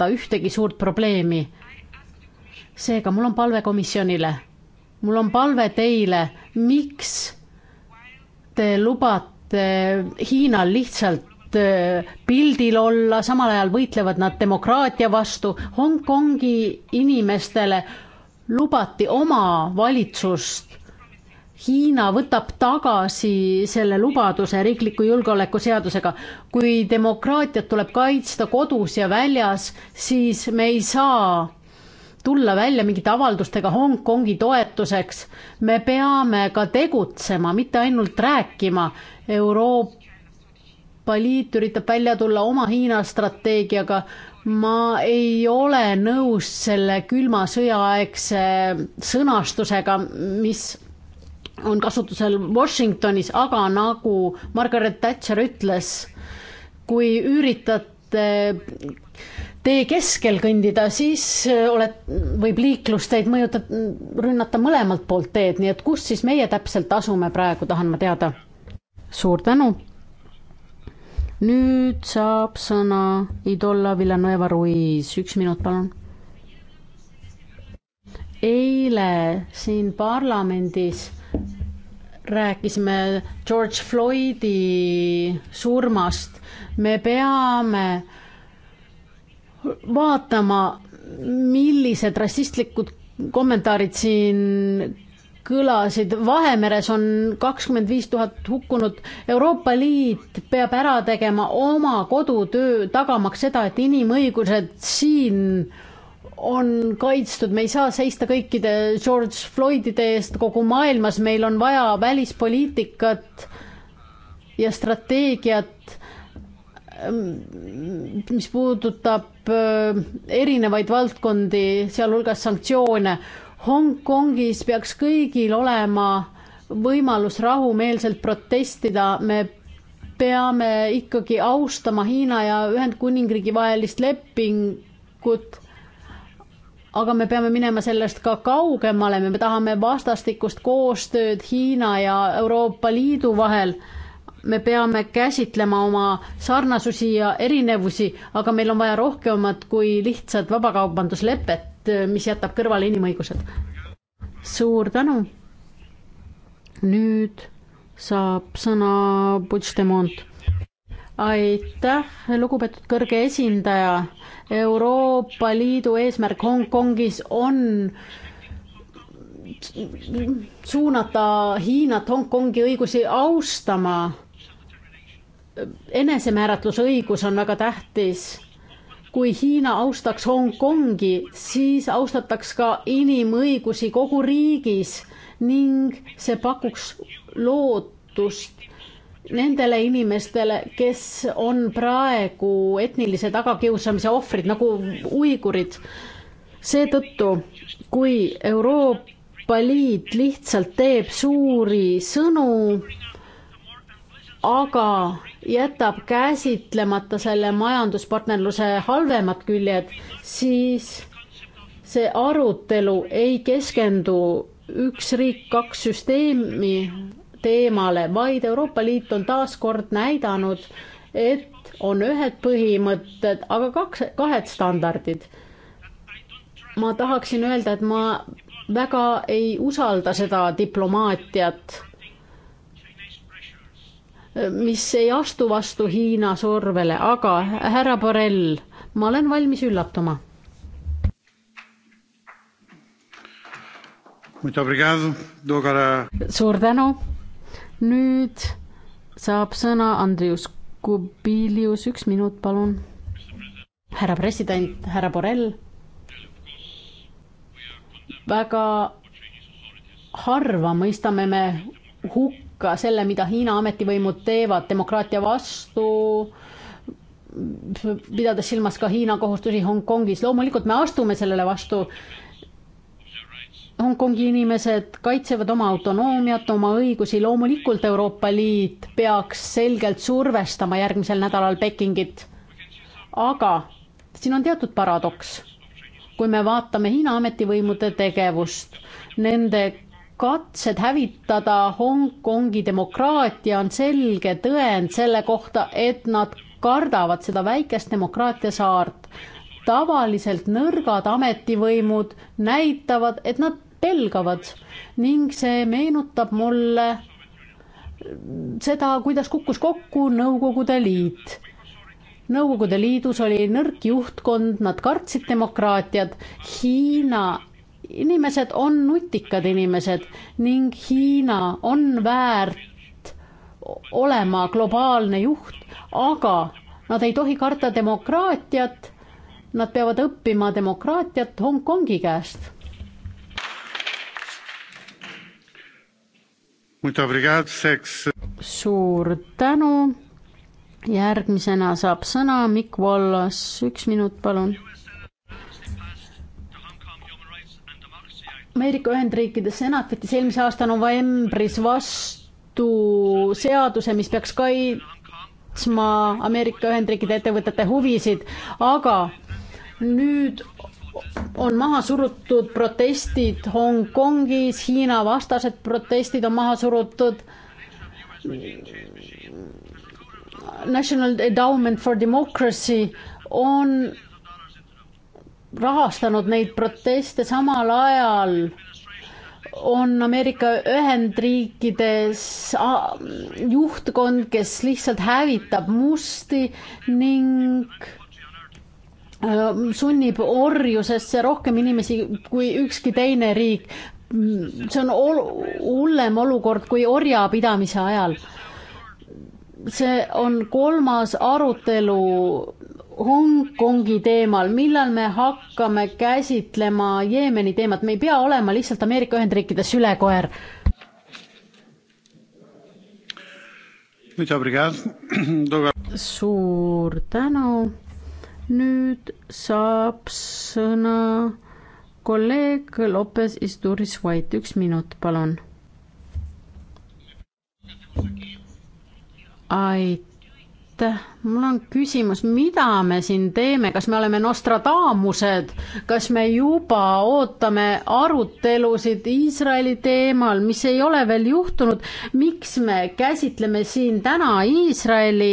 ühtegi suurt probleemi. seega mul on palve komisjonile, mul on palve teile, miks te lubate Hiinal lihtsalt äh, pildil olla, samal ajal võitlevad nad demokraatia vastu, Hongkongi inimestele lubati oma valitsust Hiina võtab tagasi selle lubaduse riikliku julgeoleku seadusega. kui demokraatiat tuleb kaitsta kodus ja väljas, siis me ei saa tulla välja mingite avaldustega Hongkongi toetuseks. me peame ka tegutsema, mitte ainult rääkima. Euroopa Liit üritab välja tulla oma Hiina strateegiaga. ma ei ole nõus selle külma sõjaaegse sõnastusega, mis on kasutusel Washingtonis, aga nagu Margaret Thatcher ütles, kui üritate tee keskel kõndida, siis äh, oled, võib liiklus teid mõjutada, rünnata mõlemalt poolt teed, nii et kus siis meie täpselt asume praegu, tahan ma teada. suur tänu. nüüd saab sõna Idolla Villanueva Ruiz, üks minut, palun. eile siin parlamendis rääkisime George Floydi surmast, me peame vaatama, millised rassistlikud kommentaarid siin kõlasid, Vahemeres on kakskümmend viis tuhat hukkunut, Euroopa Liit peab ära tegema oma kodutöö, tagamaks seda, et inimõigused siin äh, on kaitstud, me ei saa seista kõikide George Floydide eest kogu maailmas, meil on vaja välispoliitikat ja strateegiat, mis puudutab äh, erinevaid valdkondi, sealhulgas sanktsioone. Hongkongis peaks kõigil olema võimalus rahumeelselt protestida, me peame ikkagi austama Hiina ja Ühendkuningriigi vahelist lepingut aga me peame minema sellest ka kaugemale, me tahame vastastikust koostööd Hiina ja Euroopa Liidu vahel. me peame käsitlema oma sarnasusi ja erinevusi, aga meil on vaja rohkemat kui lihtsat vabakaubanduslepet, mis jätab kõrvale inimõigused. suur tänu. nüüd saab sõna Puigdemont aitäh, lugupeetud kõrge esindaja. Euroopa Liidu eesmärk Hongkongis on suunata Hiinat Hongkongi õigusi austama. enesemääratlusõigus on väga tähtis kui Hiina austaks Hongkongi, siis austataks ka inimõigusi kogu riigis ning see pakuks lootust nendele inimestele, kes on praegu etnilise tagakiusamise ohvrid nagu uigurid. seetõttu, kui Euroopa Liit lihtsalt teeb suuri sõnu, aga jätab käsitlemata selle majanduspartnerluse halvemad küljed, siis see arutelu ei keskendu üks riik, kaks süsteemi teemale, vaid Euroopa Liit on taas kord näidanud, et on ühed põhimõtted, aga kaks, kahed standardid. ma tahaksin öelda, et ma väga ei usalda seda diplomaatiat, mis ei astu vastu Hiina survele, aga härra Borrell, ma olen valmis üllatuma suur tänu nüüd saab sõna Andrius Kubilius, üks minut, palun. härra president, härra Borrell. väga harva mõistame me hukka selle, mida Hiina ametivõimud teevad demokraatia vastu, pidades silmas ka Hiina kohustusi Hongkongis. loomulikult me astume sellele vastu Hongkongi inimesed kaitsevad oma autonoomiat, oma õigusi, loomulikult Euroopa Liit peaks selgelt survestama järgmisel nädalal Pekingit. aga siin on teatud paradoks. kui me vaatame Hiina ametivõimude tegevust, nende katsed hävitada Hongkongi demokraatia on selge tõend selle kohta, et nad kardavad seda väikest demokraatia saart tavaliselt nõrgad ametivõimud näitavad, et nad pelgavad ning see meenutab mulle seda, kuidas kukkus kokku Nõukogude Liit. Nõukogude Liidus oli nõrk juhtkond, nad kartsid demokraatiat, Hiina inimesed on nutikad inimesed ning Hiina on väärt olema globaalne juht, aga nad ei tohi karta demokraatiat. Nad peavad õppima demokraatiat Hongkongi käest suur tänu. järgmisena saab sõna Mikk Vallas, üks minut, palun Ameerika Ühendriikide senat võttis eelmise aasta novembris vastu seaduse, mis peaks kaitsma Ameerika Ühendriikide ettevõtete huvisid, aga nüüd on maha surutud protestid Hongkongis, Hiina vastased protestid on maha surutud. National Endowment for Democracy on rahastanud neid proteste, samal ajal on Ameerika Ühendriikides juhtkond, kes lihtsalt hävitab musti ning Äh, sunnib orjusesse rohkem inimesi kui ükski teine riik. see on ol-, hullem olukord kui orjapidamise ajal. see on kolmas arutelu Hongkongi teemal, millal me hakkame käsitlema Jeemeni teemat, me ei pea olema lihtsalt Ameerika Ühendriikide sülekoer. suur tänu nüüd saab sõna kolleeg Lopez Isturis White, üks minut, palun. aitäh, mul on küsimus, mida me siin teeme, kas me oleme Nostradamused, kas me juba ootame arutelusid Iisraeli teemal, mis ei ole veel juhtunud, miks me käsitleme siin täna Iisraeli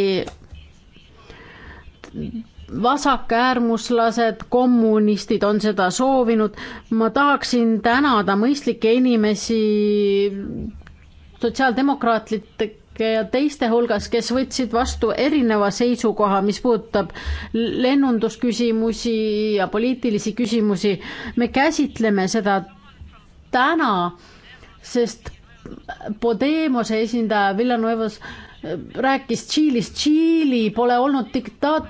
vasakäärmuslased, kommunistid on seda soovinud. ma tahaksin tänada mõistlikke inimesi, sotsiaaldemokraatlike ja teiste hulgas, kes võtsid vastu erineva seisukoha, mis puudutab lennundusküsimusi ja poliitilisi küsimusi. me käsitleme seda täna, sest Podemose esindaja Villanuevas rääkis Tšiilist, Tšiili pole olnud diktaat-,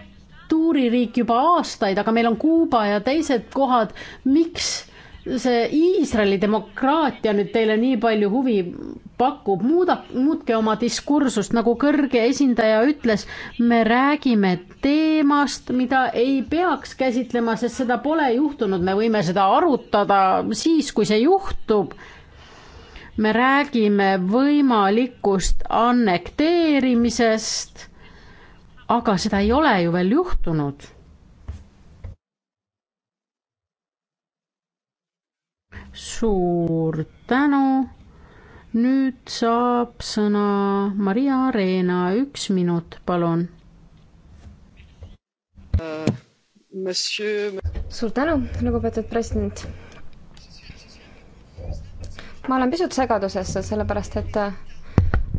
diktatuuririik juba aastaid, aga meil on Kuuba ja teised kohad, miks see Iisraeli demokraatia nüüd teile nii palju huvi pakub, muuda, muutke oma diskursust, nagu kõrge esindaja ütles, me räägime teemast, mida ei peaks käsitlema, sest seda pole juhtunud, me võime seda arutada siis, kui see juhtub. me räägime võimalikust annekteerimisest aga seda ei ole ju veel juhtunud. suur tänu. nüüd saab sõna Maria Reena, üks minut, palun uh,. Monsieur... suur tänu, lugupeetud president. ma olen pisut segaduses, sellepärast et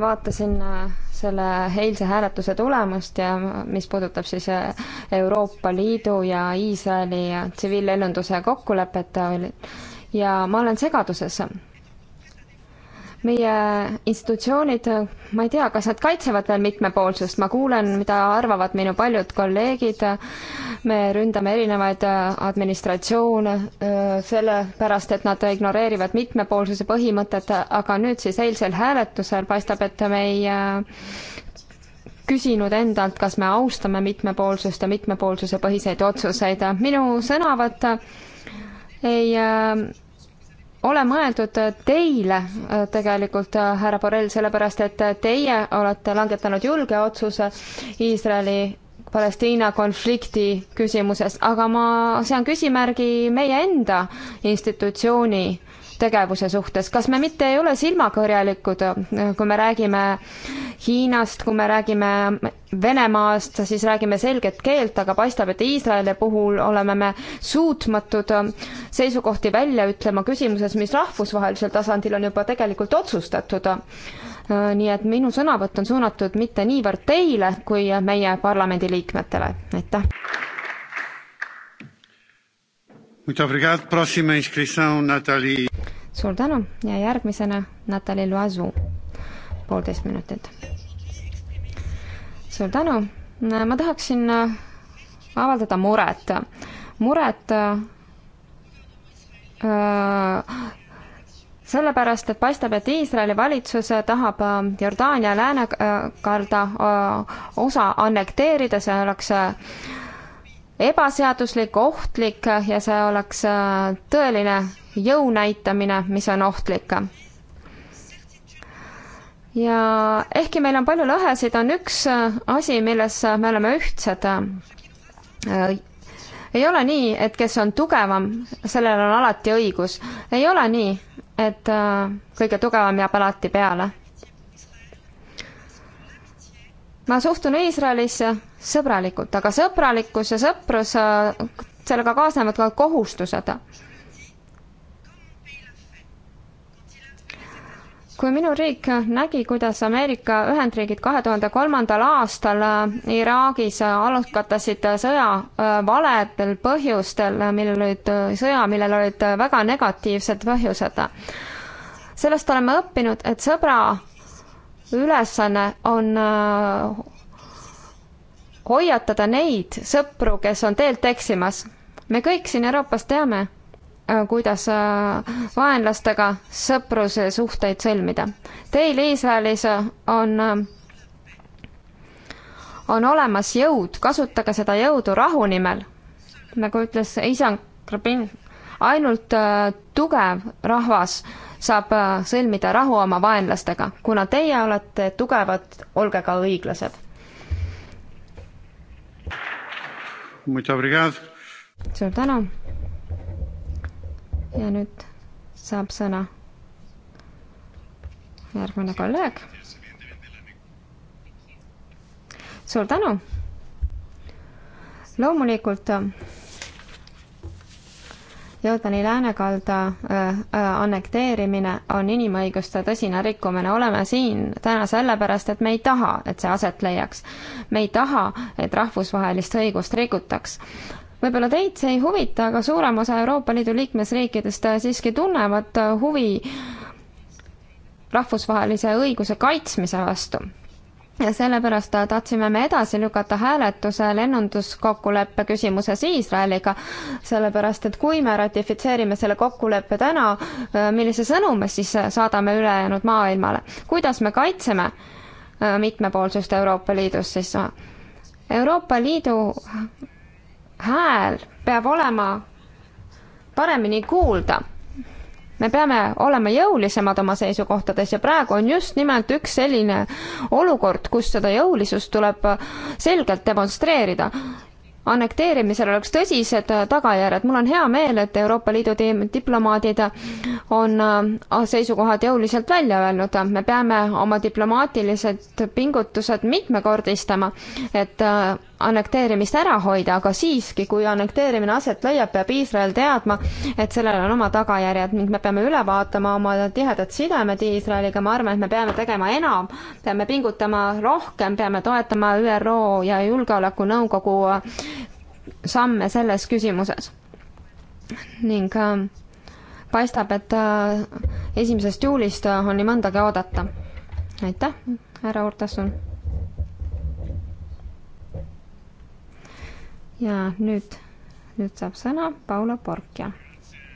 vaatasin äh, selle eilse hääletuse tulemust ja mis puudutab siis äh, Euroopa Liidu ja Iisraeli tsiviillennunduse kokkulepet ja ma olen segaduses meie institutsioonid, ma ei tea, kas nad kaitsevad veel mitmepoolsust, ma kuulen, mida arvavad minu paljud kolleegid, me ründame erinevaid administratsioone sellepärast, et nad ignoreerivad mitmepoolsuse põhimõtet, aga nüüd siis eilsel hääletusel paistab, et me ei küsinud endalt, kas me austame mitmepoolsust ja mitmepoolsuse põhiseid otsuseid. minu sõnavõtt ei ole mõeldud teile äh, tegelikult, äh, härra Borrell, sellepärast et äh, teie olete langetanud julge otsuse Iisraeli Palestiina konflikti küsimuses, aga ma sean küsimärgi meie enda institutsiooni tegevuse suhtes, kas me mitte ei ole silmakõrjalikud, kui me räägime Hiinast, kui me räägime Venemaast, siis räägime selget keelt, aga paistab, et Iisraeli puhul oleme me suutmatud seisukohti välja ütlema küsimuses, mis rahvusvahelisel tasandil on juba tegelikult otsustatud nii et minu sõnavõtt on suunatud mitte niivõrd teile kui meie parlamendiliikmetele, aitäh! suur tänu ja järgmisena Natalja Loiseau, poolteist minutit. suur tänu, ma tahaksin äh, avaldada muret, muret äh, sellepärast, et paistab, et Iisraeli valitsus tahab äh, Jordaania läänekalda äh, osa annekteerida, see oleks ebaseaduslik, ohtlik ja see oleks äh, tõeline jõu näitamine, mis on ohtlik. ja ehkki meil on palju lõhesid, on üks äh, asi, milles me oleme ühtsed. Äh, ei ole nii, et kes on tugevam, sellel on alati õigus. ei ole nii, et kõige tugevam jääb alati peale ma suhtun Iisraelisse sõbralikult, aga sõbralikkus ja sõprus, äh, sellega kaasnevad ka kohustused. kui minu riik nägi, kuidas Ameerika Ühendriigid kahe tuhande kolmandal aastal äh, Iraagis algatasid sõja äh, valedel põhjustel, millel olid, sõja, millel olid väga negatiivsed põhjused sellest oleme õppinud, et sõbra ülesanne on äh, hoiatada neid sõpru, kes on teelt eksimas. me kõik siin Euroopas teame, äh, kuidas äh, vaenlastega sõpruse suhteid sõlmida. Teil Iisraelis on, on olemas jõud, kasutage seda jõudu rahu nimel. nagu ütles isang Rabin, ainult tugev rahvas saab äh, sõlmida rahu oma vaenlastega. kuna teie olete tugevad, olge ka õiglased. suur tänu. ja nüüd saab sõna järgmine kolleeg. suur tänu. loomulikult Jordani läänekalda äh, äh, annekteerimine on inimõiguste tõsine rikkumine. oleme siin täna sellepärast, et me ei taha, et see aset leiaks. me ei taha, et rahvusvahelist õigust rikutaks võib-olla teid see ei huvita, aga suurem osa Euroopa Liidu liikmesriikidest äh, siiski tunnevad huvi rahvusvahelise õiguse kaitsmise vastu ja sellepärast tahtsime me edasi lükata hääletuse lennunduskokkuleppe küsimuses Iisraeliga, sellepärast et kui me ratifitseerime selle kokkuleppe täna, äh, millise sõnumi siis saadame ülejäänud maailmale, kuidas me kaitseme äh, mitmepoolsust Euroopa Liidus siis? Euroopa Liidu hääl peab olema paremini kuulda me peame olema jõulisemad oma seisukohtades ja praegu on just nimelt üks selline olukord, kus seda jõulisust tuleb selgelt demonstreerida annekteerimisel oleks tõsised tagajärjed. mul on hea meel, et Euroopa Liidu diplomaadid on äh, seisukohad jõuliselt välja öelnud. me peame oma diplomaatilised pingutused mitmekordistama, et äh, annekteerimist ära hoida, aga siiski, kui annekteerimine aset leiab, peab Iisrael teadma, et sellel on oma tagajärjed ning me peame üle vaatama oma tihedad sidemed Iisraeliga, ma arvan, et me peame tegema enam, peame pingutama rohkem, peame toetama ÜRO ja Julgeolekunõukogu samme selles küsimuses. ning äh, paistab, et äh, esimesest juulist äh, on nii mõndagi oodata. aitäh, härra Urtasun ja nüüd, nüüd saab sõna Paula Porkja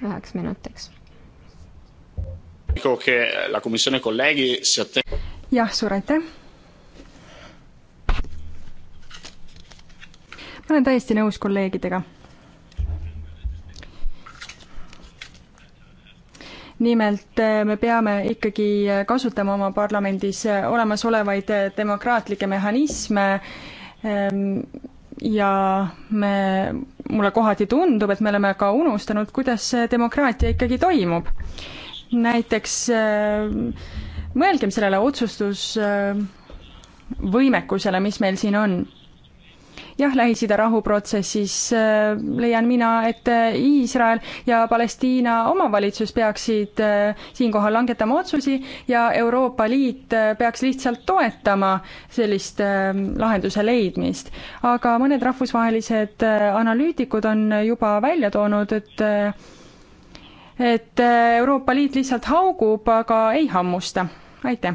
üheks minutiks. jah, suur aitäh. ma olen täiesti nõus kolleegidega nimelt eh, me peame ikkagi eh, kasutama oma parlamendis eh, olemasolevaid demokraatlikke mehhanisme, ehm, ja me, mulle kohati tundub, et me oleme ka unustanud, kuidas see demokraatia ikkagi toimub. näiteks äh, mõelgem sellele otsustusvõimekusele, mis meil siin on jah, Lähis-Ida rahuprotsessis äh, leian mina, et äh, Iisrael ja Palestiina omavalitsus peaksid äh, siinkohal langetama otsusi ja Euroopa Liit peaks lihtsalt toetama sellist lahenduse leidmist. aga mõned rahvusvahelised analüütikud on juba välja toonud, et et Euroopa Liit lihtsalt haugub, aga ei hammusta. aitäh!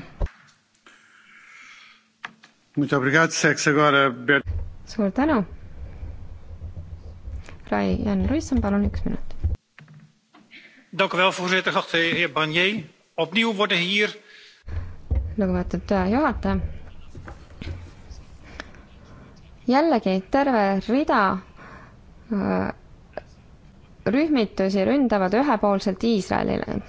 suur tänu. Rai-Jan Ruisson, palun üks minut. Dank u wel, voorzitter. Geachte heer Barnier, opnieuw worden hier. lugupeetud äh, juhataja. jällegi terve rida äh, rühmitusi ründavad ühepoolselt Iisraelile.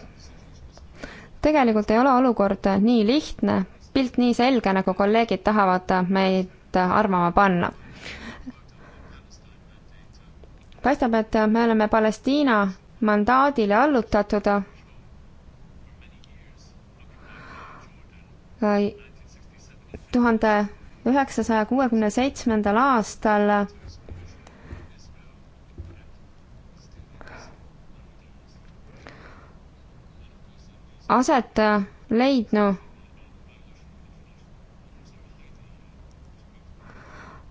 tegelikult ei ole olukord nii lihtne, pilt nii selge, nagu kolleegid tahavad meid äh, arvama panna paistab, et me oleme Palestiina mandaadile allutatud. tuhande üheksasaja kuuekümne seitsmendal aastal aset leidnu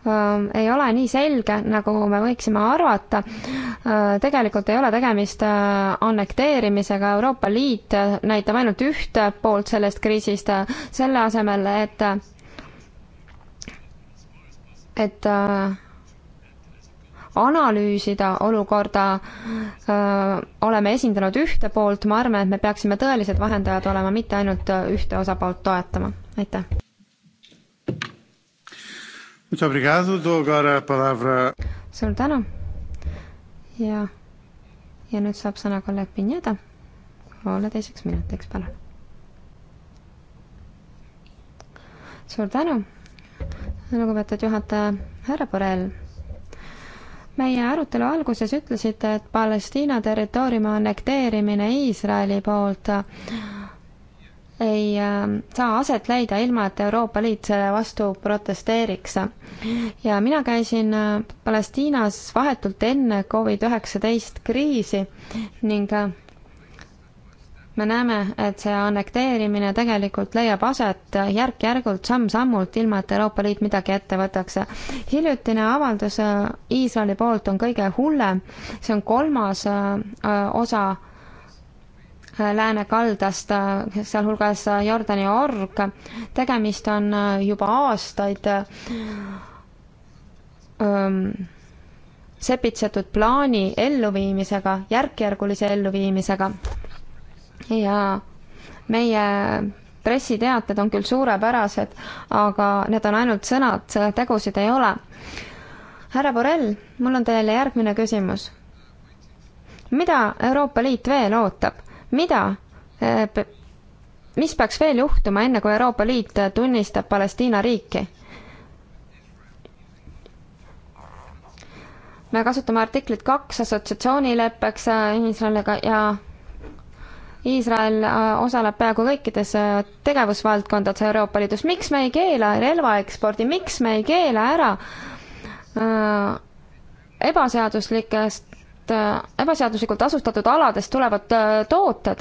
Äh, ei ole nii selge, nagu me võiksime arvata. Äh, tegelikult ei ole tegemist äh, annekteerimisega, Euroopa Liit näitab ainult ühte poolt sellest kriisist, selle asemel, et et analüüsida olukorda, oleme esindanud ühte poolt, ma arvan, et me peaksime tõelised vahendajad olema, mitte ainult ühte osapoolt toetama, aitäh suur tänu ja, ja nüüd saab sõna kolleeg Pineda pooleteiseks minutiks, palun. suur tänu, lugupeetud juhataja, härra Borrell meie arutelu alguses ütlesite, et Palestiina territooriumi annekteerimine Iisraeli poolt ei ähm, saa aset leida ilma, et Euroopa Liit selle vastu protesteeriks. ja mina käisin äh, Palestiinas vahetult enne Covid-19 kriisi ning äh, me näeme, et see annekteerimine tegelikult leiab aset äh, järk-järgult, samm-sammult, ilma et Euroopa Liit midagi ette võtaks. hiljutine avaldus Iisraeli poolt on kõige hullem, see on kolmas osa lääne kaldast, sealhulgas Jordani org. tegemist on äh, juba aastaid öö, ähm, sepitsetud plaani elluviimisega, järk-järgulise elluviimisega. ja meie pressiteated on küll suurepärased, aga need on ainult sõnad, tegusid ei ole. härra Borrell, mul on teile järgmine küsimus. mida Euroopa Liit veel ootab? mida, äh, mis peaks veel juhtuma, enne kui Euroopa Liit tunnistab Palestiina riiki? me kasutame artiklit kaks assotsiatsioonileppeks äh, Iisraeliga ja Iisrael äh, osaleb peaaegu kõikides tegevusvaldkondades Euroopa Liidus, miks me ei keela relvaekspordi, miks me ei keela ära ebaseaduslikest Äh, ebaseaduslikult asustatud aladest tulevad äh, tooted.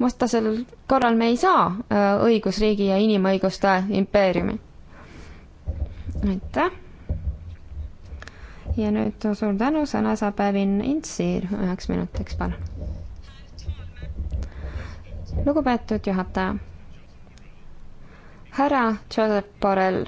vastasel korral me ei saa äh, õigusriigi ja inimõiguste impeeriumi. aitäh! ja nüüd suur tänu, sõna saab Evin Intsir üheks minutiks, palun. lugupeetud juhataja, härra Joseph Borrell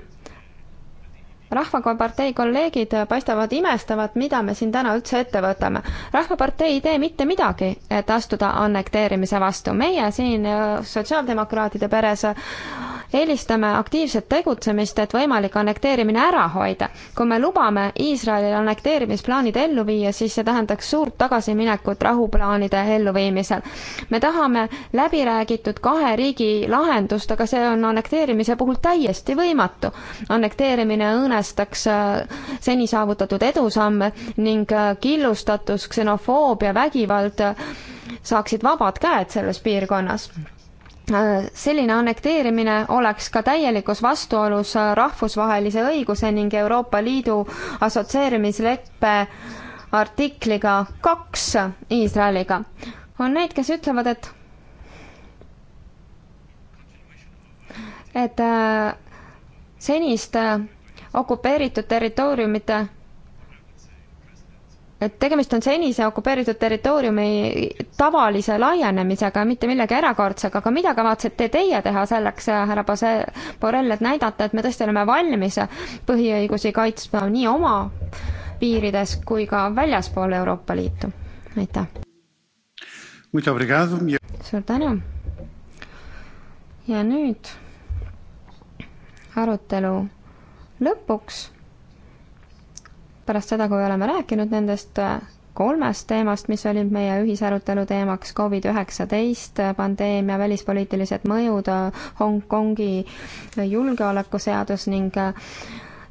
rahvapartei kolleegid paistavad imestavat, mida me siin täna üldse ette võtame. rahvapartei ei tee mitte midagi, et astuda annekteerimise vastu. meie siin äh, sotsiaaldemokraatide peres eelistame aktiivset tegutsemist, et võimalik annekteerimine ära hoida. kui me lubame Iisraelil annekteerimisplaanid ellu viia, siis see tähendaks suurt tagasiminekut rahuplaanide elluviimisel. me tahame läbi räägitud kahe riigi lahendust, aga see on annekteerimise puhul täiesti võimatu. annekteerimine õõnestaks äh, seni saavutatud edusamme ning äh, killustatus, ksenofoobia, vägivald äh, saaksid vabad käed selles piirkonnas Äh, selline annekteerimine oleks ka täielikus vastuolus äh, rahvusvahelise õiguse ning Euroopa Liidu assotsieerimisleppe artikliga kaks Iisraeliga. on neid, kes ütlevad, et et äh, senist okupeeritud territooriumite et tegemist on senise okupeeritud territooriumi tavalise laienemisega, mitte millegi erakordsega, aga mida kavatsete teie teha selleks, härra Bose-, Borrell, et näidata, et me tõesti oleme valmis põhiõigusi kaitsma nii oma piirides kui ka väljaspool Euroopa Liitu? aitäh! E suur tänu! ja nüüd arutelu lõpuks pärast seda, kui oleme rääkinud nendest äh, kolmest teemast, mis olid meie ühisarutelu teemaks, Covid üheksateist, äh, pandeemia, välispoliitilised mõjud, äh, Hongkongi julgeolekuseadus ning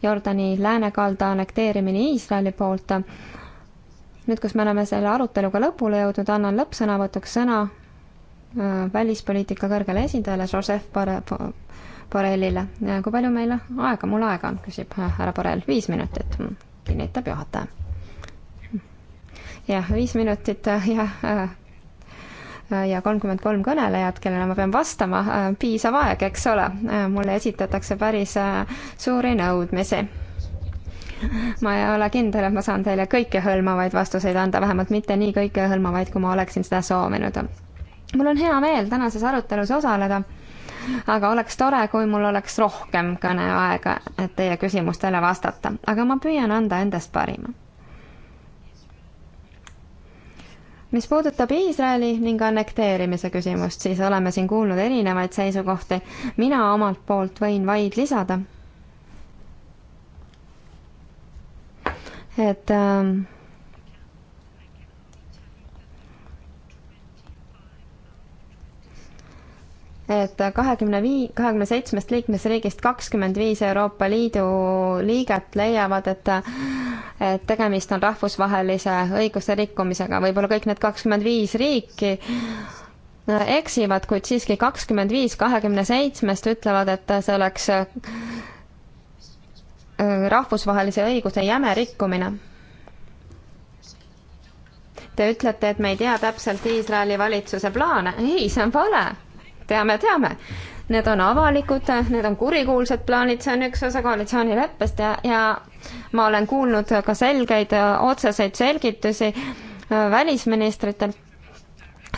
Jordani läänekalda annekteerimine Iisraeli poolt. nüüd, kus me oleme selle aruteluga lõpule jõudnud, annan lõppsõnavõtuks sõna välispoliitika kõrgele esindajale Joseph Borrellile. kui palju meil aega, mul aega on, küsib härra Borrell, viis minutit kinnitab juhataja. jah, viis minutit äh, jah äh, äh, ja kolmkümmend kolm kõnelejat, kellele ma pean vastama, piisav aeg, eks ole. mulle esitatakse päris suuri nõudmisi. ma ei ole kindel, et ma saan teile kõikehõlmavaid vastuseid anda, vähemalt mitte nii kõikehõlmavaid, kui ma oleksin seda soovinud. mul on hea meel tänases arutelus osaleda aga oleks tore, kui mul oleks rohkem kõneaega, et teie küsimustele vastata, aga ma püüan anda endast parima. mis puudutab Iisraeli ning annekteerimise küsimust, siis oleme siin kuulnud erinevaid seisukohti. mina omalt poolt võin vaid lisada, et äh, et kahekümne vii-, kahekümne seitsmest liikmesriigist kakskümmend viis Euroopa Liidu liiget leiavad, et et tegemist on rahvusvahelise õiguse rikkumisega, võib-olla kõik need kakskümmend viis riiki äh, eksivad, kuid siiski kakskümmend viis kahekümne seitsmest ütlevad, et see oleks äh, rahvusvahelise õiguse jäme rikkumine. Te ütlete, et me ei tea täpselt Iisraeli valitsuse plaane. ei, see on vale teame, teame. Need on avalikud, need on kurikuulsad plaanid, see on üks osa koalitsioonileppest ja, ja ma olen kuulnud ka selgeid otseseid selgitusi äh, välisministritelt.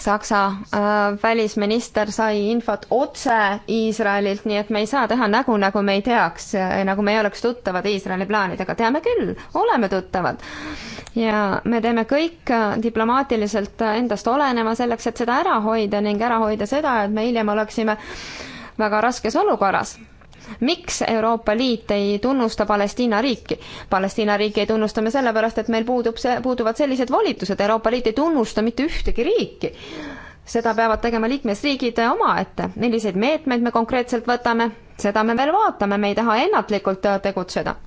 Saksa äh, välisminister sai infot otse Iisraelilt, nii et me ei saa teha nägu, nagu me ei teaks, nagu me ei oleks tuttavad Iisraeli plaanidega, teame küll, oleme tuttavad ja me teeme kõik äh, diplomaatiliselt äh, endast oleneva selleks, et seda ära hoida ning ära hoida seda, et me hiljem oleksime väga raskes olukorras miks Euroopa Liit ei tunnusta Palestiina riiki? Palestiina riiki ei tunnusta me sellepärast, et meil puudub see, puuduvad sellised volitused, Euroopa Liit ei tunnusta mitte ühtegi riiki. seda peavad tegema liikmesriigid omaette, milliseid meetmeid me konkreetselt võtame, seda me veel vaatame, me ei taha ennatlikult äh, tegutseda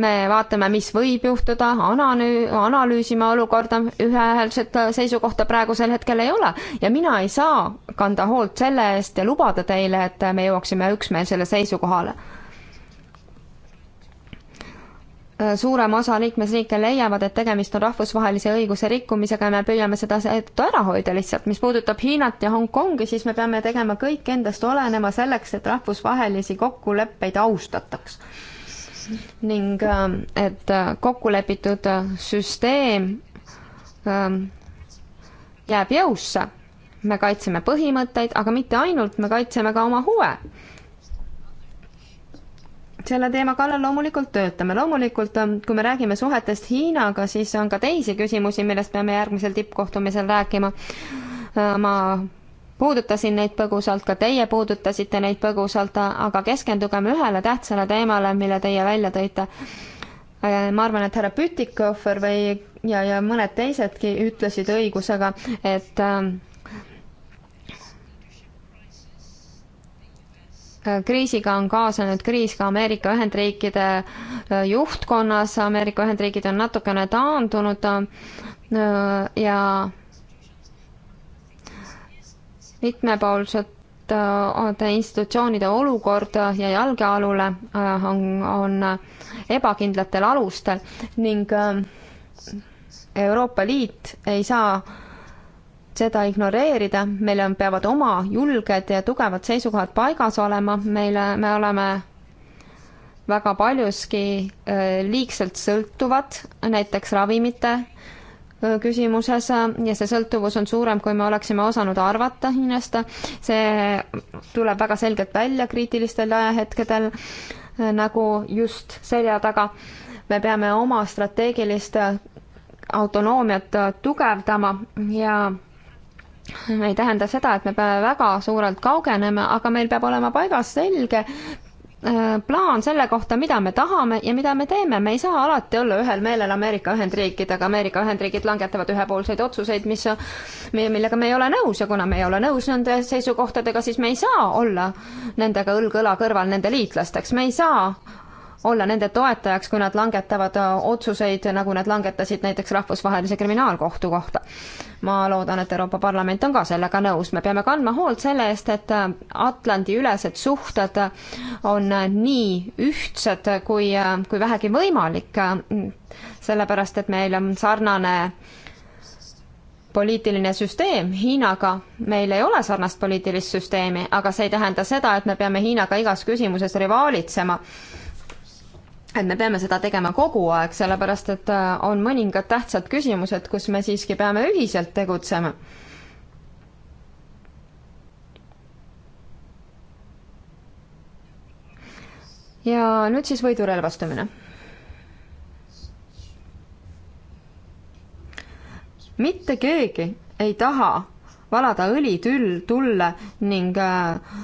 me vaatame, mis võib juhtuda, analüü-, analüüsime olukorda, ühehäälset seisukohta praegusel hetkel ei ole ja mina ei saa kanda hoolt selle eest ja lubada teile, et me jõuaksime üksmeelsele seisukohale. suurem osa liikmesriike leiavad, et tegemist on rahvusvahelise õiguse rikkumisega ja me püüame seda seetõttu ära hoida lihtsalt. mis puudutab Hiinat ja Hongkongi, siis me peame tegema kõik endast olenema selleks, et rahvusvahelisi kokkuleppeid austataks ning ähm, et äh, kokkulepitud äh, süsteem ähm, jääb jõusse. me kaitseme põhimõtteid, aga mitte ainult, me kaitseme ka oma huve. selle teema kallal loomulikult töötame, loomulikult ähm, kui me räägime suhetest Hiinaga, siis on ka teisi küsimusi, millest peame järgmisel tippkohtumisel rääkima. Äh, ma puudutasin neid põgusalt, ka teie puudutasite neid põgusalt, aga keskendugem ühele tähtsale teemale, mille teie välja tõite. ma arvan, et härra Pütikofer või, ja, ja mõned teisedki ütlesid õigusega, et äh, kriisiga on kaasanud kriis ka Ameerika Ühendriikide äh, juhtkonnas, Ameerika Ühendriigid on natukene taandunud äh, ja mitmepoolsete äh, institutsioonide olukord jäi jalgealule, äh, on, on ebakindlatel alustel ning äh, Euroopa Liit ei saa seda ignoreerida, meil on, peavad oma julged ja tugevad seisukohad paigas olema, meile, me oleme väga paljuski liigselt sõltuvad näiteks ravimite küsimuses ja see sõltuvus on suurem, kui me oleksime osanud arvata Hiinast. see tuleb väga selgelt välja kriitilistel ajahetkedel nagu just selja taga. me peame oma strateegilist autonoomiat tugevdama ja ei tähenda seda, et me väga suurelt kaugeneme, aga meil peab olema paigas selge Äh, plaan selle kohta, mida me tahame ja mida me teeme, me ei saa alati olla ühel meelel Ameerika Ühendriikidega, Ameerika Ühendriigid langetavad ühepoolseid otsuseid, mis, millega me ei ole nõus ja kuna me ei ole nõus nende seisukohtadega, siis me ei saa olla nendega õlg õla kõrval nende liitlasteks, me ei saa olla nende toetajaks, kui nad langetavad äh, otsuseid, nagu nad langetasid näiteks Rahvusvahelise Kriminaalkohtu kohta. ma loodan, et Euroopa Parlament on ka sellega nõus, me peame kandma hoolt selle eest, et äh, Atlandi-ülesed suhted äh, on nii ühtsed kui, kui vähegi võimalik, sellepärast et meil on sarnane poliitiline süsteem Hiinaga, meil ei ole sarnast poliitilist süsteemi, aga see ei tähenda seda, et me peame Hiinaga igas küsimuses rivaalitsema et me peame seda tegema kogu aeg, sellepärast et äh, on mõningad tähtsad küsimused, kus me siiski peame ühiselt tegutsema. ja nüüd siis võidurelvastumine. mitte keegi ei taha valada õli tül-, tulle ning äh,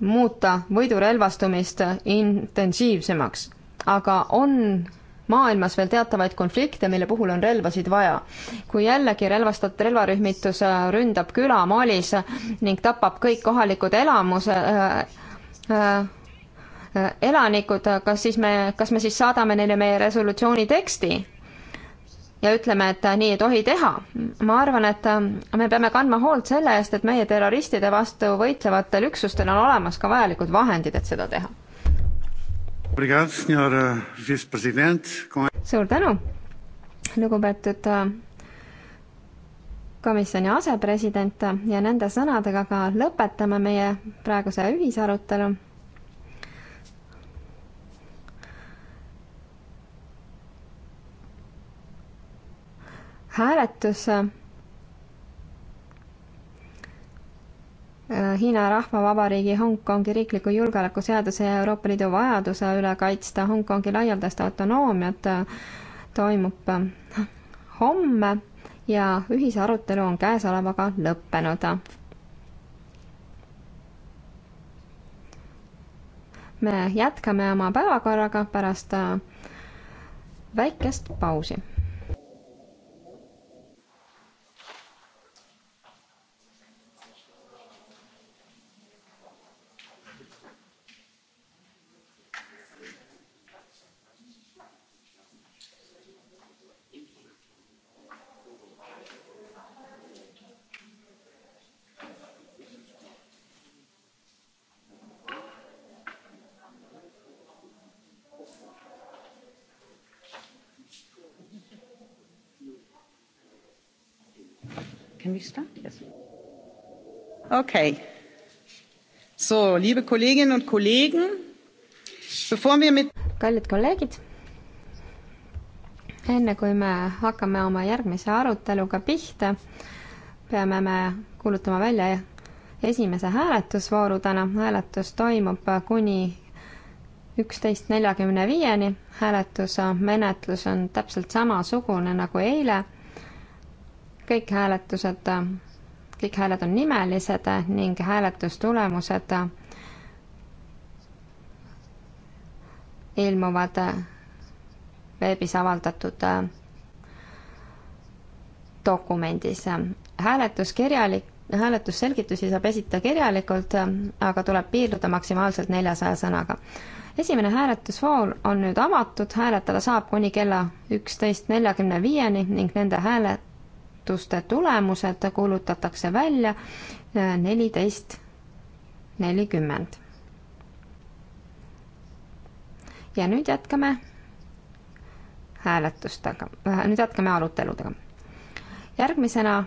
muuta võidurelvastumist intensiivsemaks. aga on maailmas veel teatavaid konflikte, mille puhul on relvasid vaja. kui jällegi relvastat-, relvarühmitus äh, ründab küla Malis ning tapab kõik kohalikud elamuse äh, äh, äh, elanikud, kas siis me, kas me siis saadame neile meie resolutsiooni teksti? ja ütleme, et nii ei tohi teha. ma arvan, et ähm, me peame kandma hoolt selle eest, et meie terroristide vastu võitlevatel üksustel on olemas ka vajalikud vahendid, et seda teha. suur tänu, lugupeetud äh, komisjoni asepresident ja nende sõnadega ka lõpetame meie praeguse ühisarutelu hääletus äh, Hiina Rahvavabariigi Hongkongi riikliku julgeolekuseaduse ja Euroopa Liidu vajaduse üle kaitsta Hongkongi laialdast autonoomiat äh, toimub äh, homme ja ühisarutelu on käesolevaga lõppenud. me jätkame oma päevakorraga pärast väikest pausi Can we start? Yes. Okay. So, liebe Kolleginnen und Kollegen, bevor wir mit kallid kolleegid, enne kui me hakkame oma järgmise aruteluga pihta, peame me kuulutama välja esimese hääletusvooru täna. hääletus toimub kuni üksteist neljakümne viieni. hääletuse menetlus on täpselt samasugune nagu eile kõik hääletused, kõik hääled on nimelised ning hääletustulemused ilmuvad veebis avaldatud dokumendis. hääletus kirjalik, hääletusselgitusi saab esita kirjalikult, aga tuleb piirduda maksimaalselt neljasaja sõnaga. esimene hääletusvool on nüüd avatud, hääletada saab kuni kella üksteist neljakümne viieni ning nende hääle, muudatuste tulemused kuulutatakse välja äh, neliteist nelikümmend. ja nüüd jätkame hääletustega, äh, nüüd jätkame aruteludega. järgmisena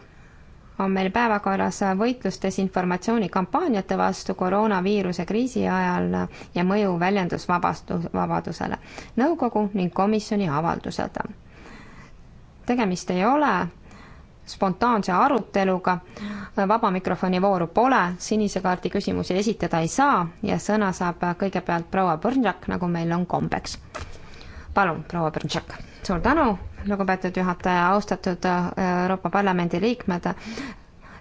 on meil päevakorras võitlus desinformatsioonikampaaniate vastu koroonaviiruse kriisi ajal ja mõju väljendusvabastu-, vabadusele. nõukogu ning komisjoni avaldused. tegemist ei ole spontaanse aruteluga, vaba mikrofoni vooru pole, sinise kaardi küsimusi esitada ei saa ja sõna saab kõigepealt proua Põrnšak, nagu meil on kombeks. palun, proua Põrnšak. suur tänu, lugupeetud juhataja, austatud äh, Euroopa Parlamendi liikmed.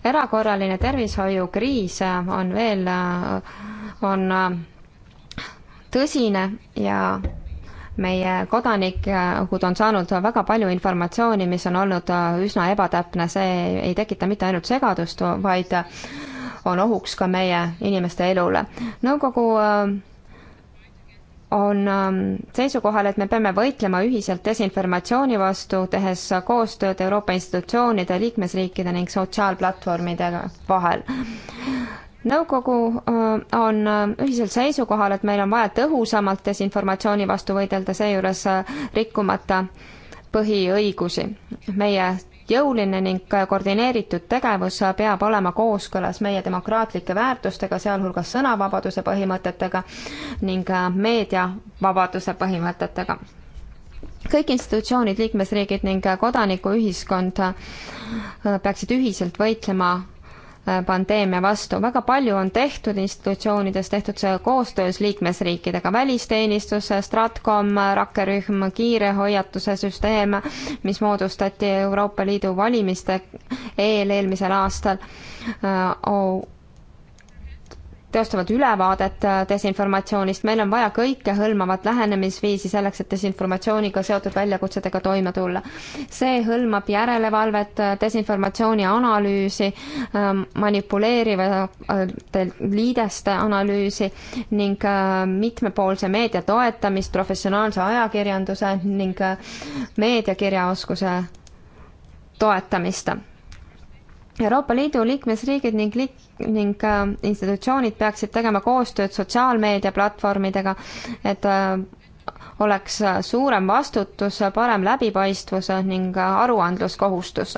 erakorraline tervishoiukriis on veel, äh, on äh, tõsine ja meie kodanikud on saanud väga palju informatsiooni, mis on olnud äh, üsna ebatäpne, see ei tekita mitte ainult segadust, vaid on ohuks ka meie inimeste elule. nõukogu äh, on ähm, seisukohal, et me peame võitlema ühiselt desinformatsiooni vastu, tehes koostööd Euroopa institutsioonide, liikmesriikide ning sotsiaalplatvormide vahel nõukogu äh, on äh, ühiselt seisukohal, et meil on vaja tõhusamalt desinformatsiooni vastu võidelda, seejuures äh, rikkumata põhiõigusi. meie jõuline ning koordineeritud tegevus peab olema kooskõlas meie demokraatlike väärtustega, sealhulgas sõnavabaduse põhimõtetega ning meediavabaduse põhimõtetega. kõik institutsioonid, liikmesriigid ning kodanikuühiskond peaksid ühiselt võitlema Äh, pandeemia vastu. väga palju on tehtud institutsioonides, tehtud see koostöös liikmesriikidega, välisteenistus, Stratkom, rakkerühm, kiirehoiatuse süsteem, mis moodustati Euroopa Liidu valimiste eel eelmisel aastal, äh, teostavad ülevaadet äh, desinformatsioonist, meil on vaja kõikehõlmavat lähenemisviisi selleks, et desinformatsiooniga seotud väljakutsedega toime tulla. see hõlmab järelevalvet, äh, desinformatsiooni analüüsi, ähm, manipuleerivate äh, liideste analüüsi ning mitmepoolse meedia toetamist, professionaalse ajakirjanduse ning meediakirjaoskuse toetamist Euroopa Liidu liikmesriigid ning liik-, ning äh, institutsioonid peaksid tegema koostööd sotsiaalmeediaplatvormidega, et äh, oleks äh, suurem vastutus, parem läbipaistvus ning aruandluskohustus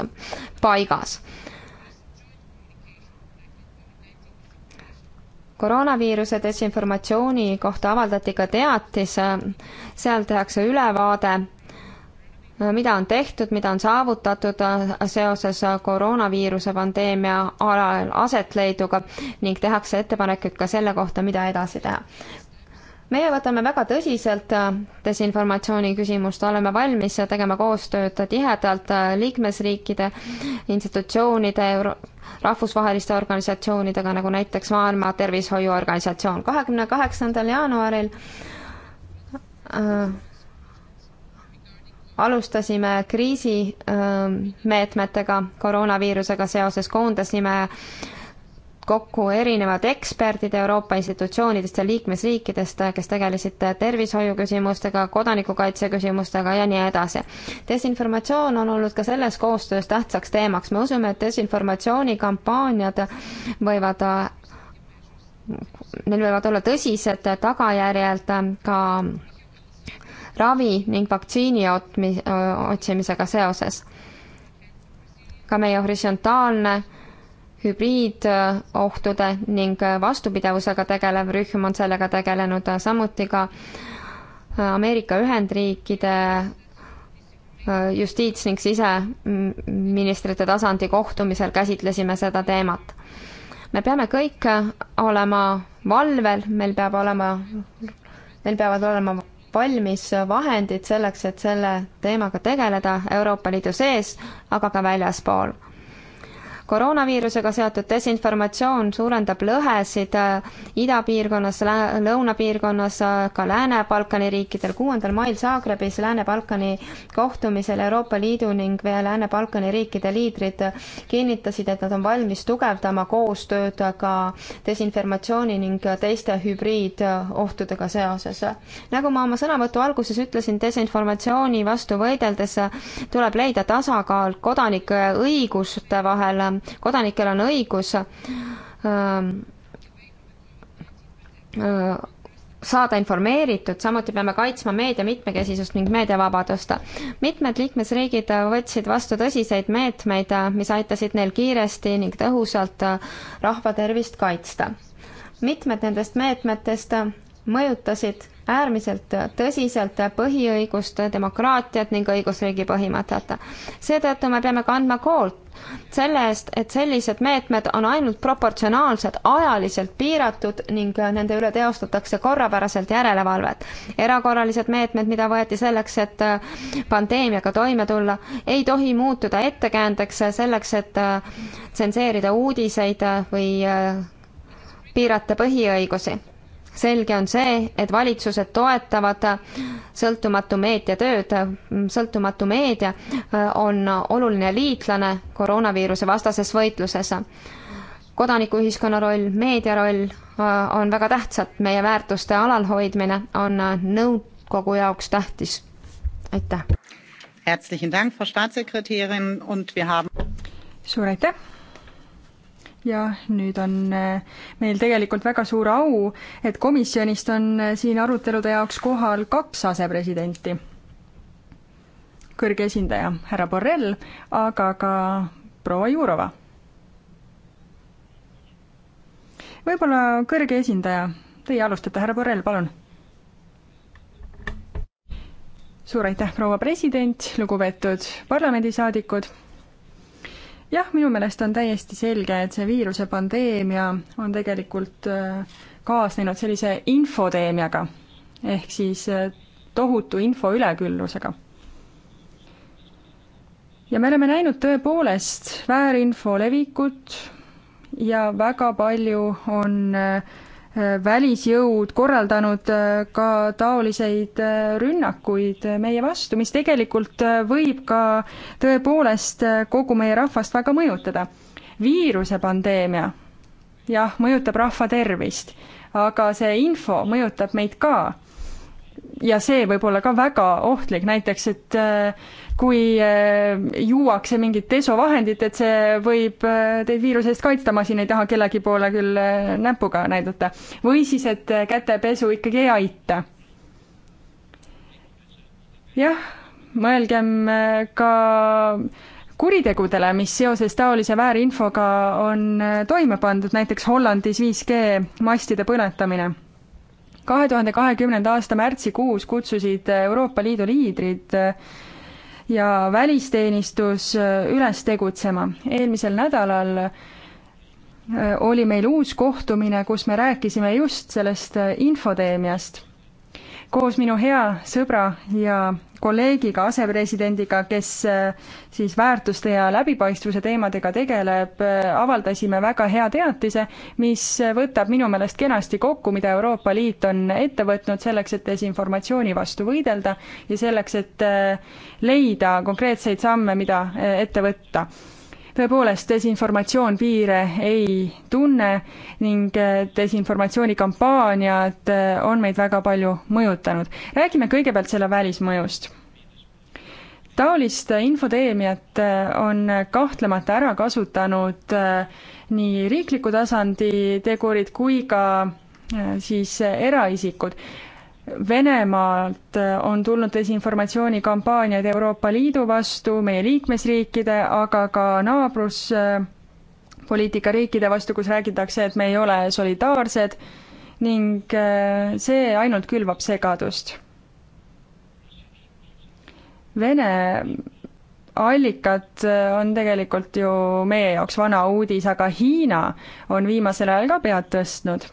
paigas. koroonaviiruse desinformatsiooni kohta avaldati ka teatis, seal tehakse ülevaade mida on tehtud, mida on saavutatud äh, seoses äh, koroonaviiruse pandeemia alal aset leiduga ning tehakse ettepanekuid ka selle kohta, mida edasi teha. meie võtame väga tõsiselt äh, desinformatsiooni küsimust, oleme valmis tegema koostööd tihedalt liikmesriikide institutsioonide Euro rahvusvaheliste organisatsioonidega, nagu näiteks Maailma Tervishoiuorganisatsioon. kahekümne kaheksandal jaanuaril äh, alustasime kriisimeetmetega koroonaviirusega seoses, koondasime kokku erinevad eksperdid Euroopa institutsioonidest ja liikmesriikidest, kes tegelesid tervishoiu küsimustega, kodanikukaitse küsimustega ja nii edasi. desinformatsioon on olnud ka selles koostöös tähtsaks teemaks, me usume, et desinformatsioonikampaaniad võivad Neil võivad olla tõsised tagajärjed ka ravi ning vaktsiini otmi-, otsimisega seoses. ka meie horisontaalne hübriidohtude ning vastupidavusega tegelev rühm on sellega tegelenud, samuti ka Ameerika Ühendriikide justiits- ning siseministrite tasandi kohtumisel käsitlesime seda teemat. me peame kõik olema valvel, meil peab olema, meil peavad olema valmis vahendid selleks, et selle teemaga tegeleda Euroopa Liidu sees, aga ka väljaspool koroonaviirusega seotud desinformatsioon suurendab lõhesid äh, idapiirkonnas, lõunapiirkonnas, äh, ka Lääne-Balkani riikidel. kuuendal mail Zagrebis Lääne-Balkani kohtumisel Euroopa Liidu ning Lääne-Balkani riikide liidrid kinnitasid, et nad on valmis tugevdama koostööd ka desinformatsiooni ning teiste hübriidohtudega seoses. nagu ma oma sõnavõtu alguses ütlesin, desinformatsiooni vastu võideldes tuleb leida tasakaal kodanike õiguste vahel kodanikel on õigus ähm, äh, saada informeeritud, samuti peame kaitsma meedia mitmekesisust ning meediavabadust. mitmed liikmesriigid võtsid vastu tõsiseid meetmeid, mis aitasid neil kiiresti ning tõhusalt rahva tervist kaitsta. mitmed nendest meetmetest mõjutasid äärmiselt tõsiselt põhiõigust, demokraatiat ning õigusriigi põhimõtet. seetõttu me peame kandma hoolt selle eest, et sellised meetmed on ainult proportsionaalsed, ajaliselt piiratud ning nende üle teostatakse korrapäraselt järelevalvet. erakorralised meetmed, mida võeti selleks, et pandeemiaga toime tulla, ei tohi muutuda ettekäändeks selleks, et tsenseerida uudiseid või piirata põhiõigusi selge on see, et valitsused toetavad sõltumatu meedia tööd. sõltumatu meedia äh, on oluline liitlane koroonaviiruse vastases võitluses. kodanikuühiskonna roll, meedia roll äh, on väga tähtsad, meie väärtuste alalhoidmine on äh, nõukogu jaoks tähtis. aitäh! suur aitäh! jah, nüüd on äh, meil tegelikult väga suur au, et komisjonist on äh, siin arutelude jaoks kohal kaks asepresidenti. kõrge esindaja härra Borrell, aga ka proua Jurova. võib-olla kõrge esindaja, teie alustate, härra Borrell, palun. suur aitäh, proua president, lugupeetud parlamendisaadikud jah, minu meelest on täiesti selge, et see viiruse pandeemia on tegelikult äh, kaasnenud sellise infoteemiaga ehk siis äh, tohutu info üleküllusega. ja me oleme näinud tõepoolest väärinfo levikut ja väga palju on äh, välisjõud korraldanud äh, ka taoliseid äh, rünnakuid äh, meie vastu, mis tegelikult võib ka tõepoolest kogu meie rahvast väga mõjutada. viiruse pandeemia, jah, mõjutab rahva tervist, aga see info mõjutab meid ka. ja see võib olla ka väga ohtlik, näiteks et äh, kui äh, juuakse mingit desovahendit, et see võib äh, teid viiruse eest kaitsta, ma siin ei taha kellegi poole küll äh, näpuga näidata. või siis, et kätepesu ikkagi ei aita. jah, mõelgem ka kuritegudele, mis seoses taolise väärinfoga on toime pandud, näiteks Hollandis 5G mastide põletamine. kahe tuhande kahekümnenda aasta märtsikuus kutsusid Euroopa Liidu liidrid ja välisteenistus äh, üles tegutsema. eelmisel nädalal äh, oli meil uus kohtumine, kus me rääkisime just sellest äh, infoteemiast. koos minu hea sõbra ja kolleegiga, asepresidendiga, kes äh, siis väärtuste ja läbipaistvuse teemadega tegeleb, äh, avaldasime väga hea teatise, mis äh, võtab minu meelest kenasti kokku, mida Euroopa Liit on ette võtnud selleks, et desinformatsiooni vastu võidelda ja selleks, et leida konkreetseid samme, mida ette võtta tõepoolest, desinformatsioon piire ei tunne ning äh, desinformatsioonikampaaniad äh, on meid väga palju mõjutanud. räägime kõigepealt selle välismõjust. taolist infoteemiat äh, on kahtlemata ära kasutanud nii riikliku tasandi tegurid kui ka siis eraisikud Venemaalt äh, on tulnud desinformatsioonikampaaniaid Euroopa Liidu vastu, meie liikmesriikide, aga ka naabruspoliitika riikide vastu, kus räägitakse, et me ei ole solidaarsed ning äh, see ainult külvab segadust. Vene allikad äh, on tegelikult ju meie jaoks vana uudis, aga Hiina on viimasel ajal ka pead tõstnud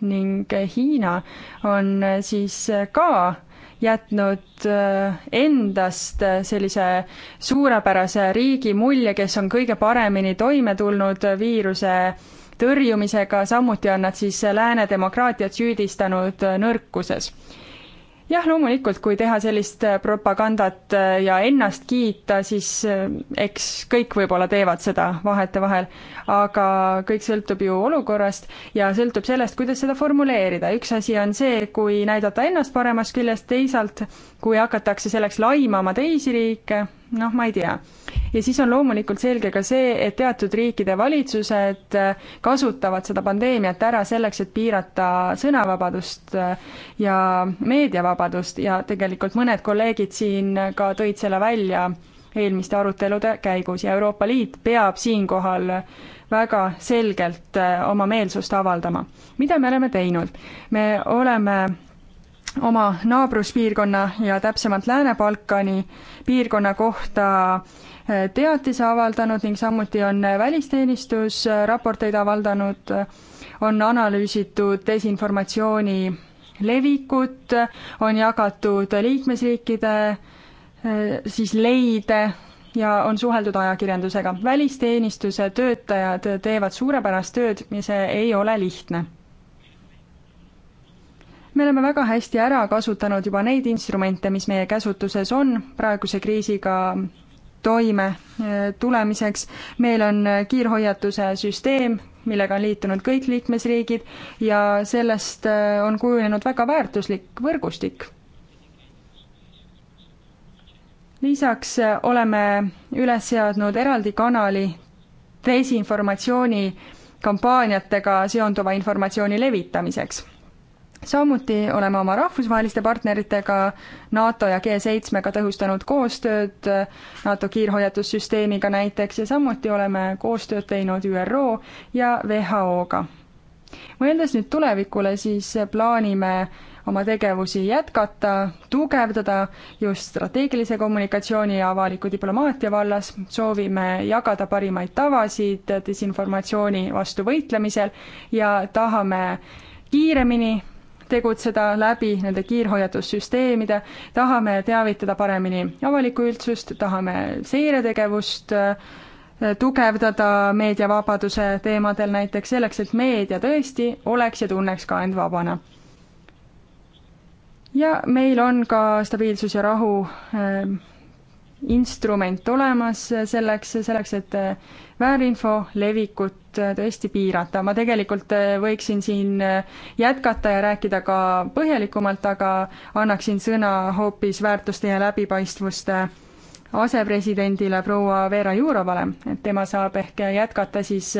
ning Hiina on siis ka jätnud äh, endast äh, sellise suurepärase riigi mulje, kes on kõige paremini toime tulnud viiruse tõrjumisega, samuti on nad siis lääne demokraatiat süüdistanud äh, nõrkuses jah, loomulikult, kui teha sellist äh, propagandat äh, ja ennast kiita, siis äh, eks kõik võib-olla teevad seda vahetevahel, aga kõik sõltub ju olukorrast ja sõltub sellest, kuidas seda formuleerida. üks asi on see, kui näidata ennast paremast küljest, teisalt kui hakatakse selleks laimama teisi riike, noh, ma ei tea ja siis on loomulikult selge ka see, et teatud riikide valitsused äh, kasutavad seda pandeemiat ära selleks, et piirata sõnavabadust äh, ja meediavabadust ja tegelikult mõned kolleegid siin ka tõid selle välja eelmiste arutelude käigus ja Euroopa Liit peab siinkohal väga selgelt äh, oma meelsust avaldama. mida me oleme teinud? me oleme oma naabruspiirkonna ja täpsemalt Lääne-Balkani piirkonna kohta teatise avaldanud ning samuti on välisteenistus raporteid avaldanud, on analüüsitud desinformatsiooni levikut, on jagatud liikmesriikide siis leide ja on suheldud ajakirjandusega. välisteenistuse töötajad teevad suurepärast tööd ja see ei ole lihtne. me oleme väga hästi ära kasutanud juba neid instrumente, mis meie käsutuses on praeguse kriisiga toime äh, tulemiseks. meil on äh, kiirhoiatuse süsteem, millega on liitunud kõik liikmesriigid ja sellest äh, on kujunenud väga väärtuslik võrgustik. lisaks oleme üles seadnud eraldi kanali desinformatsioonikampaaniatega seonduva informatsiooni levitamiseks samuti oleme oma rahvusvaheliste partneritega, NATO ja G7-ga tõhustanud koostööd, NATO kiirhoiatussüsteemiga näiteks, ja samuti oleme koostööd teinud ÜRO ja WHO-ga. mõeldes nüüd tulevikule, siis plaanime oma tegevusi jätkata, tugevdada just strateegilise kommunikatsiooni ja avaliku diplomaatia vallas, soovime jagada parimaid tavasid desinformatsiooni vastu võitlemisel ja tahame kiiremini tegutseda läbi nende kiirhoiatussüsteemide, tahame teavitada paremini avalikku üldsust, tahame seiretegevust äh, tugevdada meediavabaduse teemadel näiteks, selleks et meedia tõesti oleks ja tunneks ka end vabana. ja meil on ka stabiilsus ja rahu äh, instrument olemas selleks, selleks, et väärinfo levikut tõesti piirata. ma tegelikult võiksin siin jätkata ja rääkida ka põhjalikumalt, aga annaksin sõna hoopis väärtuste ja läbipaistvuste asepresidendile proua Veera Juurovale, et tema saab ehk jätkata siis